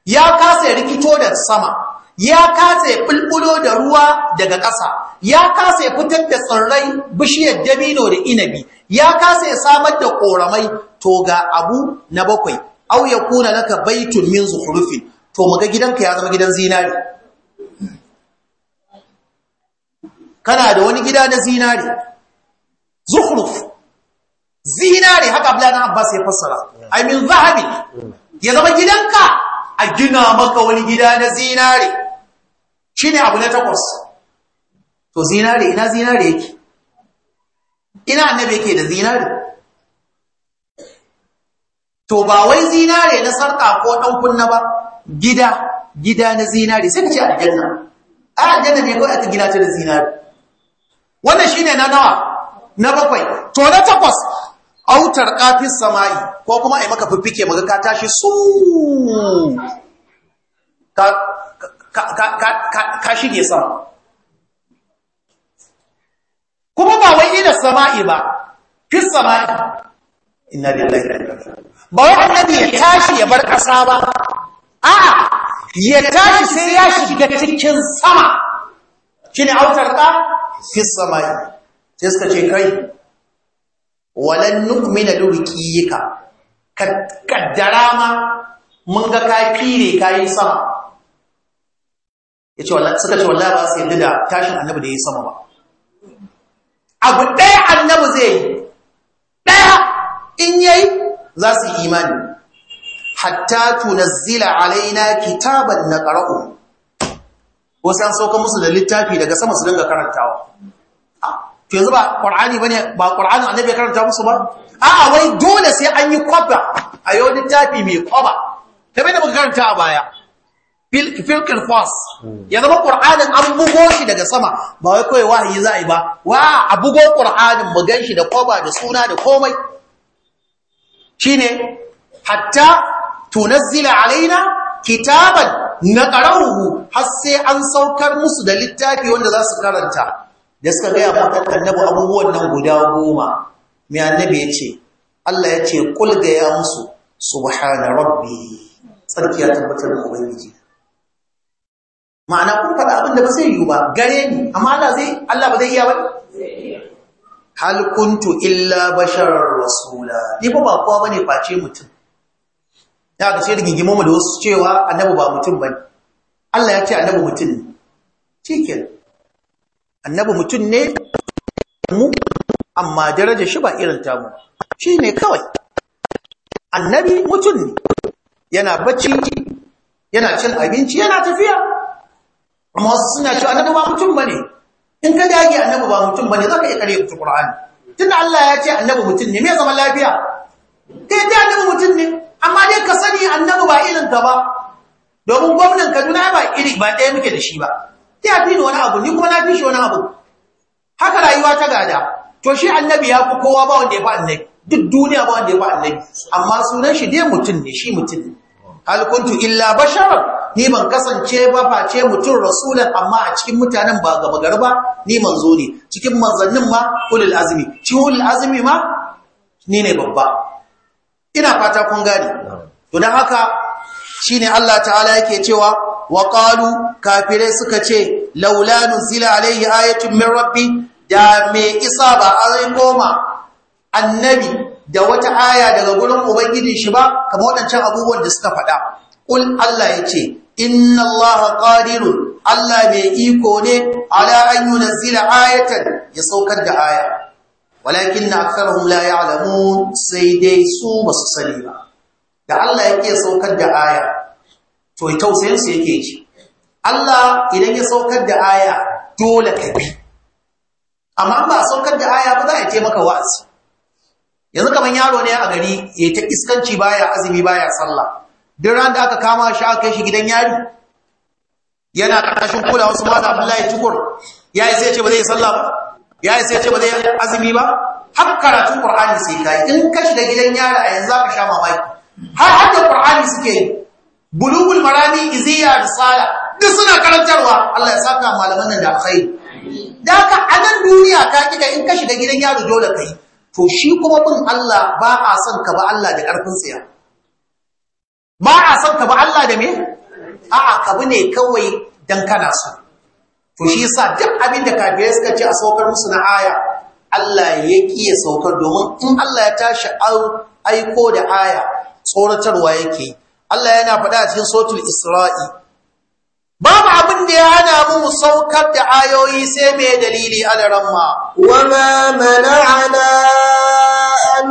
A: ya kasa ya rikito da sama ya kasa ya bulbulo da ruwa daga ƙasa ya kasa ya fitar da tsirrai bishiyar dabino da inabi ya kasa ya samar da ƙoramai to ga abu na bakwai au ya kuna laka baitun min zukhrufin to muga gidanka ya zama gidan zinari kana da wani gida na zinari zukhruf zinari haka abdullahi abbas ya fassara ai min zahabi ya zama gidanka a gina maka wani gida na zinari shine abu na takwas to zinari ina zinari yake ina annabi yake da zinari to ba wai zinare na sarƙa ko ɗan kunna ba gida gida na zinare sai ka ce aljanna a aljanna ne kawai aka gina ta da zinare wannan shine na nawa na bakwai to na takwas autar kafin sama'i ko kuma ai maka fiffike maka ka tashi su ka ka shige sama kuma ba wai ina sama'i ba fi sama'i inna lillahi wa inna ilaihi raji'un ba wai annabi ya tashi ya bar ƙasa ba a ya tashi sai ya shiga cikin sama shine autar ka fi samayi sai suka ce kai walan nu'mina lurqiyika ka kaddara ma mun ga ka fire yi sama yace wallahi suka ce wallahi ba su yadda da tashin annabi da yayi sama ba abu ɗaya annabi zai yi za su imani hatta tunazzila alaina kitaban naqra'u ko san sauka musu da littafi daga sama su dinga karantawa ah, to yanzu ba qur'ani bane ba qur'ani annabi karanta musu ba a'a wai dole sai an yi kwaba a littafi mai kwaba bai da muka karanta a baya filkin fos hmm. ya zama ƙur'anin an bugo shi daga sama ba wai kawai wahayi za a yi ba wa a bugo ƙur'anin mu gan shi da kwaba da suna da komai shine hatta tunazzila alaina kitaban naqrahu har sai an saukar musu da littafi wanda za su karanta da suka ga ya annabi abubuwan nan guda goma mai annabi yace Allah yace kul ga ya musu subhana rabbi tsarkiya tabbatar da ubangiji ma'ana kun faɗa abin da ba zai yiwu ba gare ni amma Allah zai Allah ba zai iya ba hal kuntu illa basharar rasula ni ba ba kowa bane face mutum ya ga sai rigingimo mu da wasu cewa annabi ba mutum bane Allah ya ce annabi mutum ne cikin annabi mutum ne mu amma daraja shi ba irin tamu shi ne kawai annabi mutum ne yana bacci yana cin abinci yana tafiya amma wasu suna cewa annabi ba mutum bane in ka dage annabi ba mutum bane zaka iya kare mutum Qur'ani tunda Allah ya ce annabi mutum ne me zaman lafiya kai dai annabi mutum ne amma dai ka sani annabi ba irin ka ba domin gwamnan Kaduna ba iri ba ɗaya muke da shi ba ya fi ni wani abu ni kuma na fi shi wani abu haka rayuwa ta gada to shi annabi ya fi kowa ba wanda ya fi annabi duk duniya ba wanda ya fi annabi amma sunan shi dai mutum ne shi mutum ne hal kuntu illa basharan ni ban kasance ba face mutum rasulan amma a cikin mutanen ba gaba gari ba ni manzo ne cikin manzannin ma ulul azmi ci ulul azmi ma ni ne babba ina fata kun gane to dan haka shine Allah ta'ala yake cewa wa qalu kafirai suka ce laula nuzila Alayhi ayatun min rabbi da me isa ba ayin goma annabi da wata aya daga gurin ubangijin shi ba kamar wadancan abubuwan da suka faɗa Ƙul Allah ya ce, inna allaha qadirun allah mai iko ne ala an yunzila ayatan ya saukar da aya walakinna aktharuhum la ya'lamun sai dai su basu sani ba da Allah yake saukar da aya to tausayin sa yake ji Allah idan ya saukar da aya dole ka bi amma ba saukar da aya ba za a taimaka wa'azi yanzu kaman yaro ne a gari ya ta iskanci baya azumi baya sallah duk ran da aka kama shi aka kai shi gidan yari yana karkashin kula wasu mata abdullahi tukur ya yi sai ce ba zai sallah ba ya yi sai ce ba zai azumi ba har karatun qur'ani sai ka yi in ka shiga gidan yari a yanzu za ka sha mamaki har hadda qur'ani suke yi bulugul marami iziya risala duk suna karantarwa Allah ya saka malaman nan da alkhairi da haka a nan duniya ka kika in ka shiga gidan yaro dole kai to shi kuma bin Allah ba a son ka ba Allah da karfin siya ba a son ka ba Allah da me a'a ka bi ne kawai dan kana so to shi yasa duk abin da kafirai suka ce a saukar musu na aya Allah ya kiye saukar domin in Allah ya tashi aiko da aya tsoratarwa yake Allah yana faɗa a cikin suratul Isra'i babu abin da ya hana mu saukar da ayoyi sai mai dalili alaramma wa ma mana'ana أن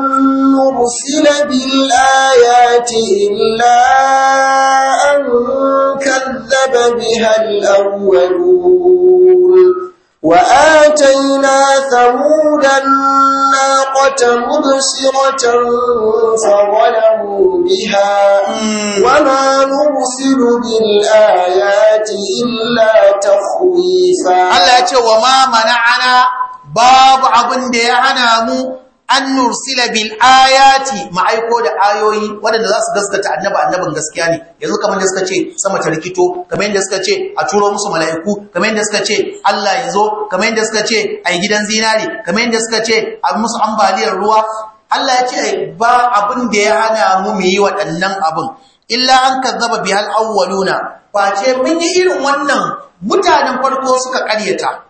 A: نرسل
B: بالآيات إلا أن كذب بها الأولون وآتينا ثمود الناقة مبصرة فظلموا بها وما نرسل بالآيات إلا
A: تخويفا الله وما منعنا babu abin da ya hana mu an nursila bil ayati ma'aiko da ayoyi waɗanda za su gaskata annaba annabin gaskiya ne yanzu kamar da suka ce sama ta rikito kamar yadda suka ce a turo musu mala'iku kamar yadda suka ce Allah ya zo kamar yadda suka ce a gidan zinari kamar yadda suka ce a musu ambaliyar ruwa Allah ya ce ba abin da ya hana mu mu yi waɗannan abin illa an kazzaba bihal awwaluna face mun yi irin wannan mutanen farko suka karyata.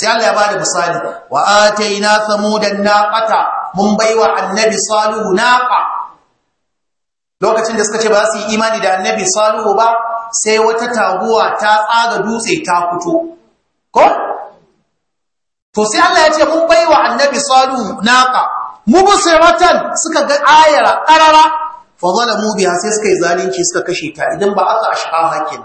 A: sai Allah ya bada misali wa ataina samudan naqata mun baiwa annabi salihu naqa lokacin da suka ce ba su yi imani da annabi salihu ba sai wata taguwa ta tsaga dutse ta fito ko to sai Allah ya ce mun baiwa annabi salihu naqa mubsiratan suka ga ayara qarara fa zalamu biha sai suka yi zalunci suka kashe ta idan ba aka ashaha hakin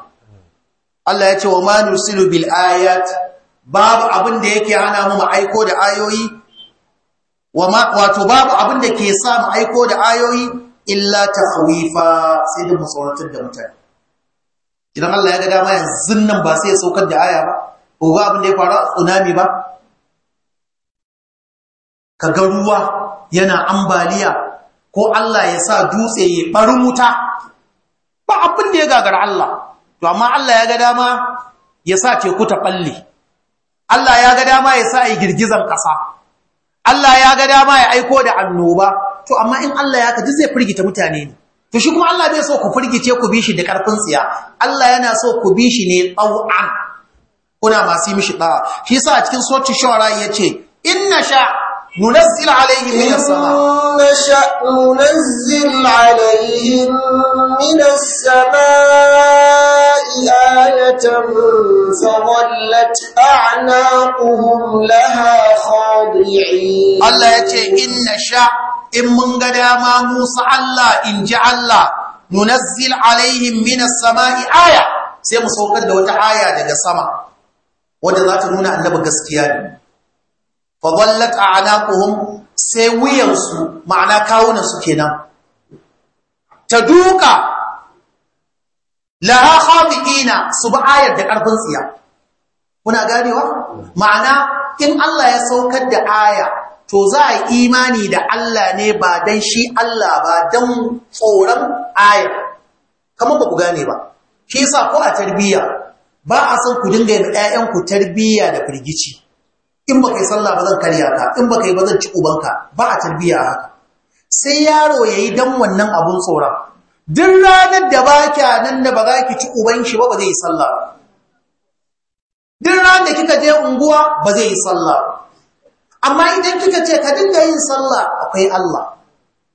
A: Allah ya ce wa ma nursilu bil ayati babu abin da yake hana mu aiko da ayoyi wato babu abin da ke sa mu aiko da ayoyi illa tahwifa sai da mu da mutane idan Allah ya ga dama yanzu nan ba sai ya saukar da aya ba ko ga abin da ya faru a tsunami ba ka ga ruwa yana ambaliya ko Allah ya sa dutse ya barin wuta ba abin da ya gagara Allah to amma Allah ya ga dama ya sa teku ta balle Allah ya ga dama ya sa a yi girgizar ƙasa Allah ya ga dama ya aiko da annoba to amma in Allah ya kaji zai firgita mutane ne to shi kuma Allah bai so ku firgice ku bi shi da ƙarfin tsiya Allah yana so ku bi shi ne tsau'an kuna masu yi mishi ɗawa shi sa a cikin sotu shawara ya ce in na sha ننزل عليهم من السماء نشأ
B: ننزل عليهم من السماء آية فظلت أعناقهم
A: لها خاضعين
B: الله يتي إن
A: نشاء إن من قداما موسى الله إن جعل ننزل عليهم من السماء آية سيما سوقت لو تعايا لك سما وده ذات نونا أنه بقسكيان fa wallat a'naquhum sai wuyansu ma'ana kawunansu kenan ta duka laha khabiina su ba ayar da karfin tsiya kuna ganewa ma'ana in Allah ya saukar da aya to za a imani da Allah ne ba dan shi Allah ba dan tsoron ayar kamar ba ku gane ba shi yasa ko a tarbiyya ba a son ku dinga yi ƴaƴanku tarbiyya da firgici in baka yi sallah ba zan karya ka in ba yi ba zan ci ubanka ba a tarbiya haka sai yaro yayi dan wannan abun tsoron duk ranar da baki nan da ba za ki ci uban shi ba ba zai yi sallah Din ranar da kika je unguwa ba zai yi sallah amma idan kika ce ka dinga yin sallah akwai Allah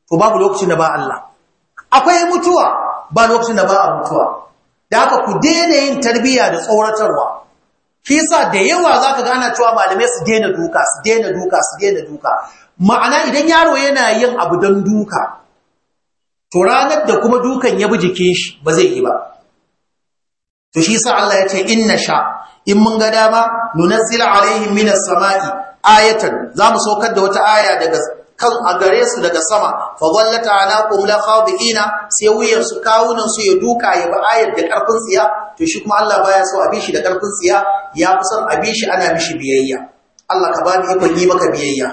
A: to babu lokacin da ba Allah akwai mutuwa ba lokacin da ba a mutuwa da haka ku daina yin tarbiya da tsoratarwa fisa da yawa za ka gana cewa malamai su daina duka su daina duka su daina duka ma'ana idan yaro yana yin abu don duka to ranar da kuma dukan ya bi jikin shi ba zai yi ba to shi sa Allah ya ce inna sha in mun ga dama nunzila alaihim minas sama'i ayatan za mu saukar da wata aya daga kan a gare su daga sama fa wallata anaqum la khadina sai wuyan su kawunan su ya duka ya ba ayar da karfin tsiya to shi kuma Allah baya so a bishi da karfin tsiya ya kusan a bishi ana mishi biyayya Allah ka bani ikon yi maka biyayya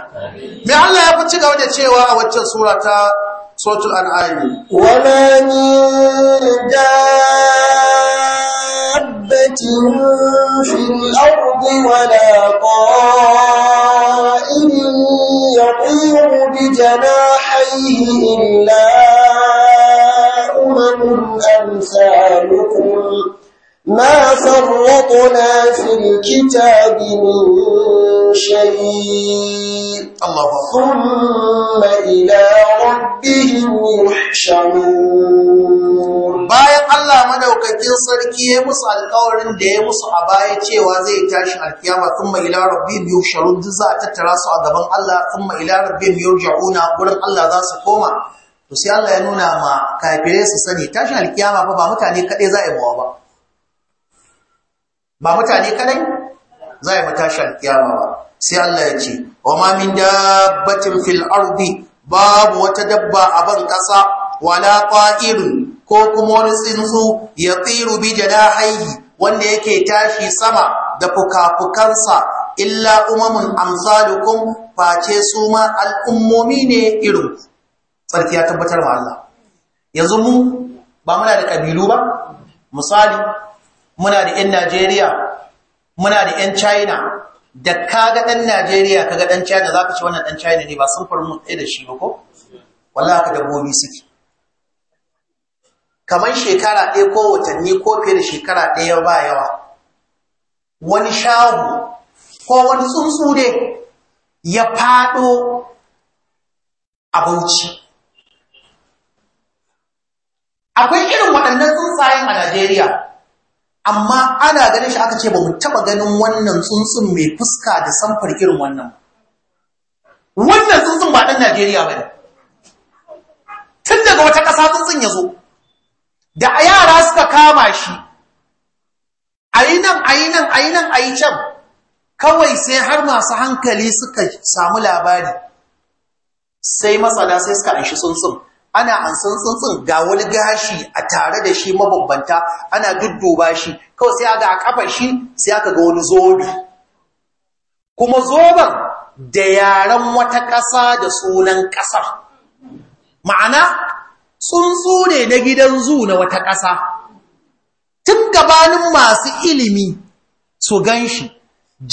A: me Allah ya fi ci gaba da cewa a waccan sura ta suratul an'am wa ma min
B: dabbatin fil ardi wala إن يطير بجناحيه إلا أمم أمثالكم ما فرطنا في الكتاب من شيء الله ثم إلى
A: ربهم يحشرون bayan Allah madaukakin sarki ya musu alƙawarin da ya musu a baya cewa zai tashi alkiyama thumma ila rabbihim yuhsharun duk za a tattara su a gaban Allah thumma ila rabbihim yurja'una gurin Allah za su koma to sai Allah ya nuna ma kafirai su sani tashin alkiyama fa ba mutane kaɗai za a yi mawa ba ba mutane kadai za a yi matashi alkiyama ba sai Allah ya ce wa ma min dabbatin fil ardi babu wata dabba a ban ƙasa, wala qa'irin ko kuma wani tsuntsu ya tsiru bi janahihi wanda yake tashi sama da fukafukansa illa umamun amsalukum face su ma al'ummomi ne irin tsarki ya tabbatar wa Allah yanzu mu ba muna da kabilu ba misali muna da 'yan Najeriya, muna da 'yan China, da kaga ɗan Najeriya kaga ɗan China za ka ci wannan ɗan China ne ba sun farmu ɗaya da shi ba ko? Walla ka dabbobi suke. Kamar shekara ɗaya ko watanni ko fiye da shekara ɗaya ba yawa, wani shahu ko wani tsuntsu ne ya faɗo a abinci. Akwai irin waɗannan tsuntsayen a Najeriya. amma ana ganin shi aka ce ba mu taba ganin wannan tsuntsun mai fuska da samfar irin wannan wannan tsuntsun ba ɗan Najeriya ba ne tun daga wata ƙasa tsuntsun ya zo da a yara suka kama shi a yi nan a yi nan a yi nan a yi can kawai sai har masu hankali suka samu labari sai matsala sai suka anshi tsuntsun ana ansan tsuntsun ga wani gashi a tare da shi mabambanta ana dudduba shi kawai sai aga a kafar shi sai aka ga wani zobe kuma zoben da yaren wata ƙasa da sunan ƙasar ma'ana tsuntsu ne na gidan zu na wata ƙasa tun gabanin masu ilimi su gan shi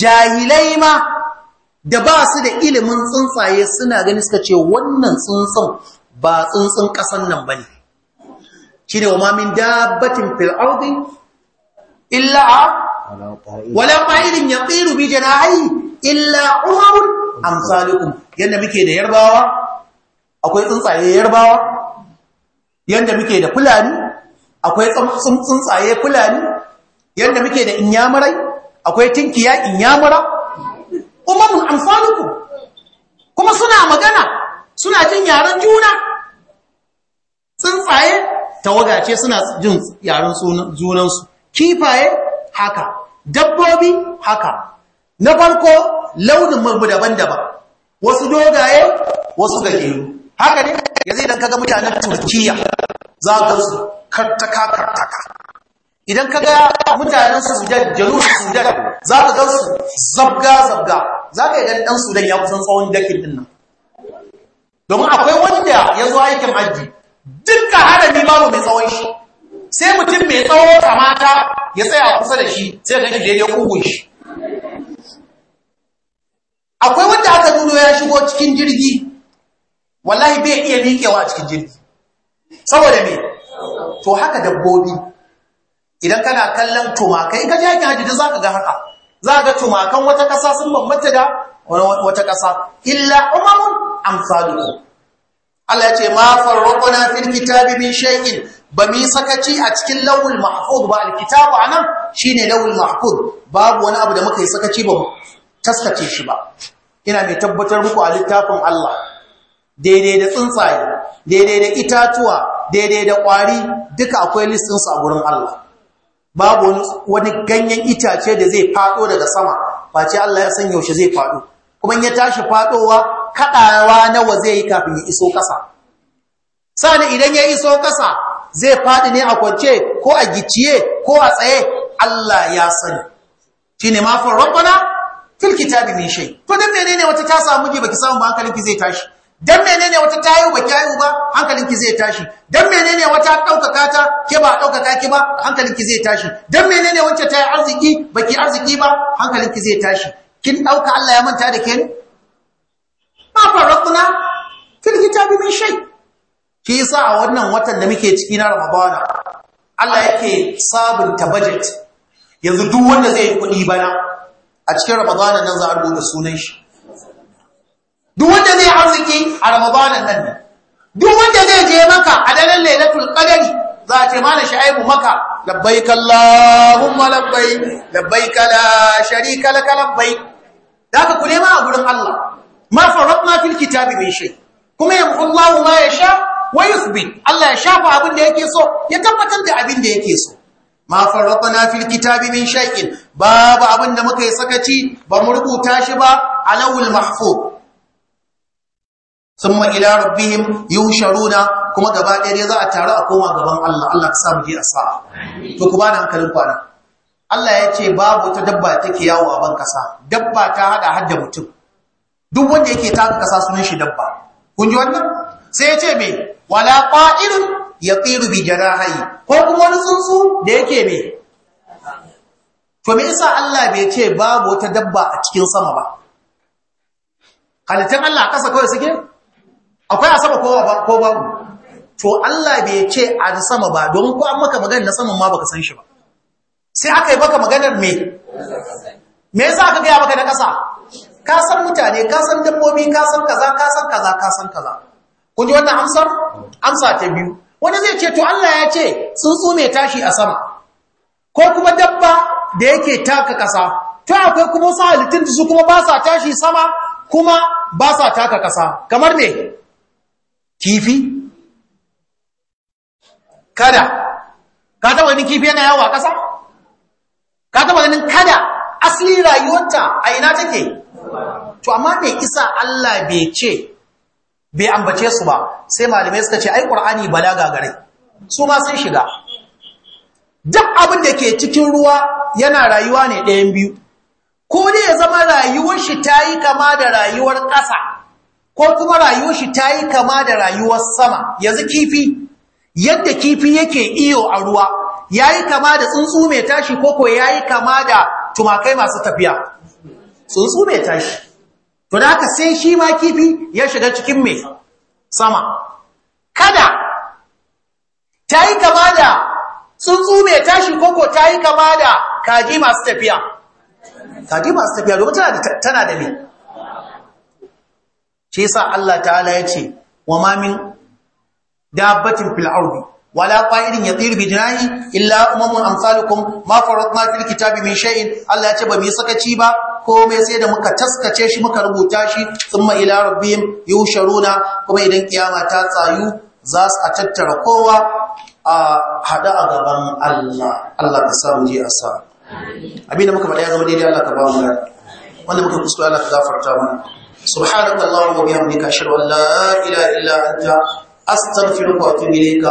A: jahilai ma da ba su da ilimin tsuntsaye suna gani suka ce wannan tsuntsun ba tsuntsun ƙasan nan ba ne shi ne wa mamin dabbatin fil'audi illa a
B: walan fa'irin
A: ya tsiru bi jana'i illa umarun amsalikun yadda muke da yarbawa akwai tsuntsaye yarbawa yadda muke da fulani akwai tsuntsaye fulani yadda muke da inyamurai akwai tinkiya inyamura umarun amsalikun kuma suna magana suna jin yaren juna tsuntsaye tawaga ce suna jin yaren junansu kifaye haka dabbobi haka na farko launin marmu daban-daban wasu dogaye wasu gajeru haka ne yanzu idan kaga mutanen turkiya za ga su kartaka kartaka idan kaga mutanen sudan jaru sudan za ka gansu zabga zabga za ka yi ɗan sudan ya kusan tsawon dakin dinnan nan domin akwai wanda ya zo aikin hajji dukkan harami babu mai tsawon shi sai mutum mai tsawo kamata ya tsaya kusa da shi sai ga shi daidai kugun shi akwai wanda aka nuno ya shigo cikin jirgi wallahi bai iya miƙewa cikin jirgi saboda me to haka dabbobi idan kana kallon tumakai in ka ji aikin hajji za ka ga haka za ga tumakan wata ƙasa sun bambanta da wata ƙasa illa umarun amsalukum Allah ya ce ma farraqna fil kitabi min shay'in ba mu sakaci a cikin lawul mahfuz ba alkitabu anan shine lawul mahfuz babu wani abu da muka yi sakaci ba taskace shi ba ina mai tabbatar muku a littafin Allah daidai da tsuntsaye daidai da itatuwa daidai da ƙwari duka akwai su a gurin Allah babu wani ganyen itace da zai faɗo daga sama face Allah ya san yaushe zai faɗo kuma ya tashi fadowa kadawa nawa zai yi kafin ya iso kasa sani idan ya iso kasa zai fadi ne a kwance ko a giciye ko a tsaye Allah ya sani shine ma fa rabbana fil kitabi min shay to dan menene wata ta samu ki baki samu ba ki zai tashi dan menene wata ta yi baki ayu ba hankalinki zai tashi dan menene wata daukaka ta ke ba daukaka ki ba hankalinki zai tashi dan menene wacce ta yi arziki baki arziki ba hankalin ki zai tashi kin dauka Allah ya manta da ke ne ma farquna fil kitabi min shay shi sa a wannan watan da muke ciki na Ramadana Allah yake sabunta budget yanzu duk wanda zai yi kudi bana a cikin Ramadana nan za a rubuta sunan shi duk wanda zai arziki a Ramadana nan ne duk wanda zai je maka a daren Lailatul Qadari za a ce mana sha'ibu maka labbaik Allahumma labbaik labbaik la sharika lak labbaik da haka ku nema a gurin Allah ma faratna fil kitabi min shay kuma yamhullahu ma yasha wa yuthbit Allah ya shafa abin da yake so ya tabbatar da abin da yake so ma na fil kitabi min shay'in babu abin da muka yi sakaci ba mu rubuta shi ba alawul mahfuz thumma ila rabbihim yusharuna kuma gaba ɗaya za a taru a koma gaban Allah Allah ka sa mu je a to ku ba da hankalin kwana Allah ya ce babu wata dabba take yawo a ban kasa dabba ta hada har da mutum duk wanda yake taka kasa sunan shi dabba kun ji wannan sai ya ce me wala qa'irun yatiru bi jarahi ko kuma wani tsuntsu da yake me to me yasa Allah bai ce babu wata dabba a cikin sama ba halittar Allah kasa kawai suke akwai a sama ko babu to Allah bai ce a sama ba domin ko an maka magana na saman ma baka san shi ba sai aka yi baka maganar me me za ka gaya maka na ƙasa ka san mutane ka san dabbobi ka san kaza ka san kaza ka san kaza kun ji wannan amsar amsa ta biyu wani zai ce to Allah ya ce tsuntsu me tashi a sama ko kuma dabba da yake taka ƙasa to akwai kuma wasu halittun da su kuma ba sa tashi sama kuma ba sa taka ƙasa kamar me kifi kada ka wani kifi yana yawo a ƙasa ka taba ganin kada asali rayuwarta a ina take to amma me isa Allah bai ce bai ambace su ba sai malamai suka ce ai qur'ani balaga gare su ma sun shiga duk abin da ke cikin ruwa yana rayuwa ne ɗayan biyu ko dai ya zama rayuwar shi ta yi kama da rayuwar ƙasa ko kuma rayuwar shi ta yi kama da rayuwar sama yanzu kifi yadda kifi yake iyo a ruwa yayi kama da tsuntsu mai tashi ko ko yayi kama da tumakai masu tafiya tsuntsu mai tashi to da haka sai shi ma kifi ya shiga cikin mai sama kada tayi kama da tsuntsu mai tashi ko ko tayi kama da kaji masu tafiya kaji masu tafiya domin tana da tana da me shi sa Allah ta'ala ya ce wa mamin dabbatin fil ardi wala qa'irin yatiru bi jinahi illa umamun amsalukum ma faratna fil kitabi min shay'in Allah ya ce ba mu sakaci ba komai sai da muka taskace shi muka rubuta shi thumma ila rabbihim yusharuna kuma idan kiyama ta tsayu za su a tattara kowa a hada a gaban Allah Allah ka sa mu je a sa abinda muka faɗa ya zama daidai Allah ka ba mu wanda muka kuskure Allah ka gafarta mana subhanakallahumma wa bihamdika ashhadu an la ilaha illa anta astaghfiruka wa atubu ilayka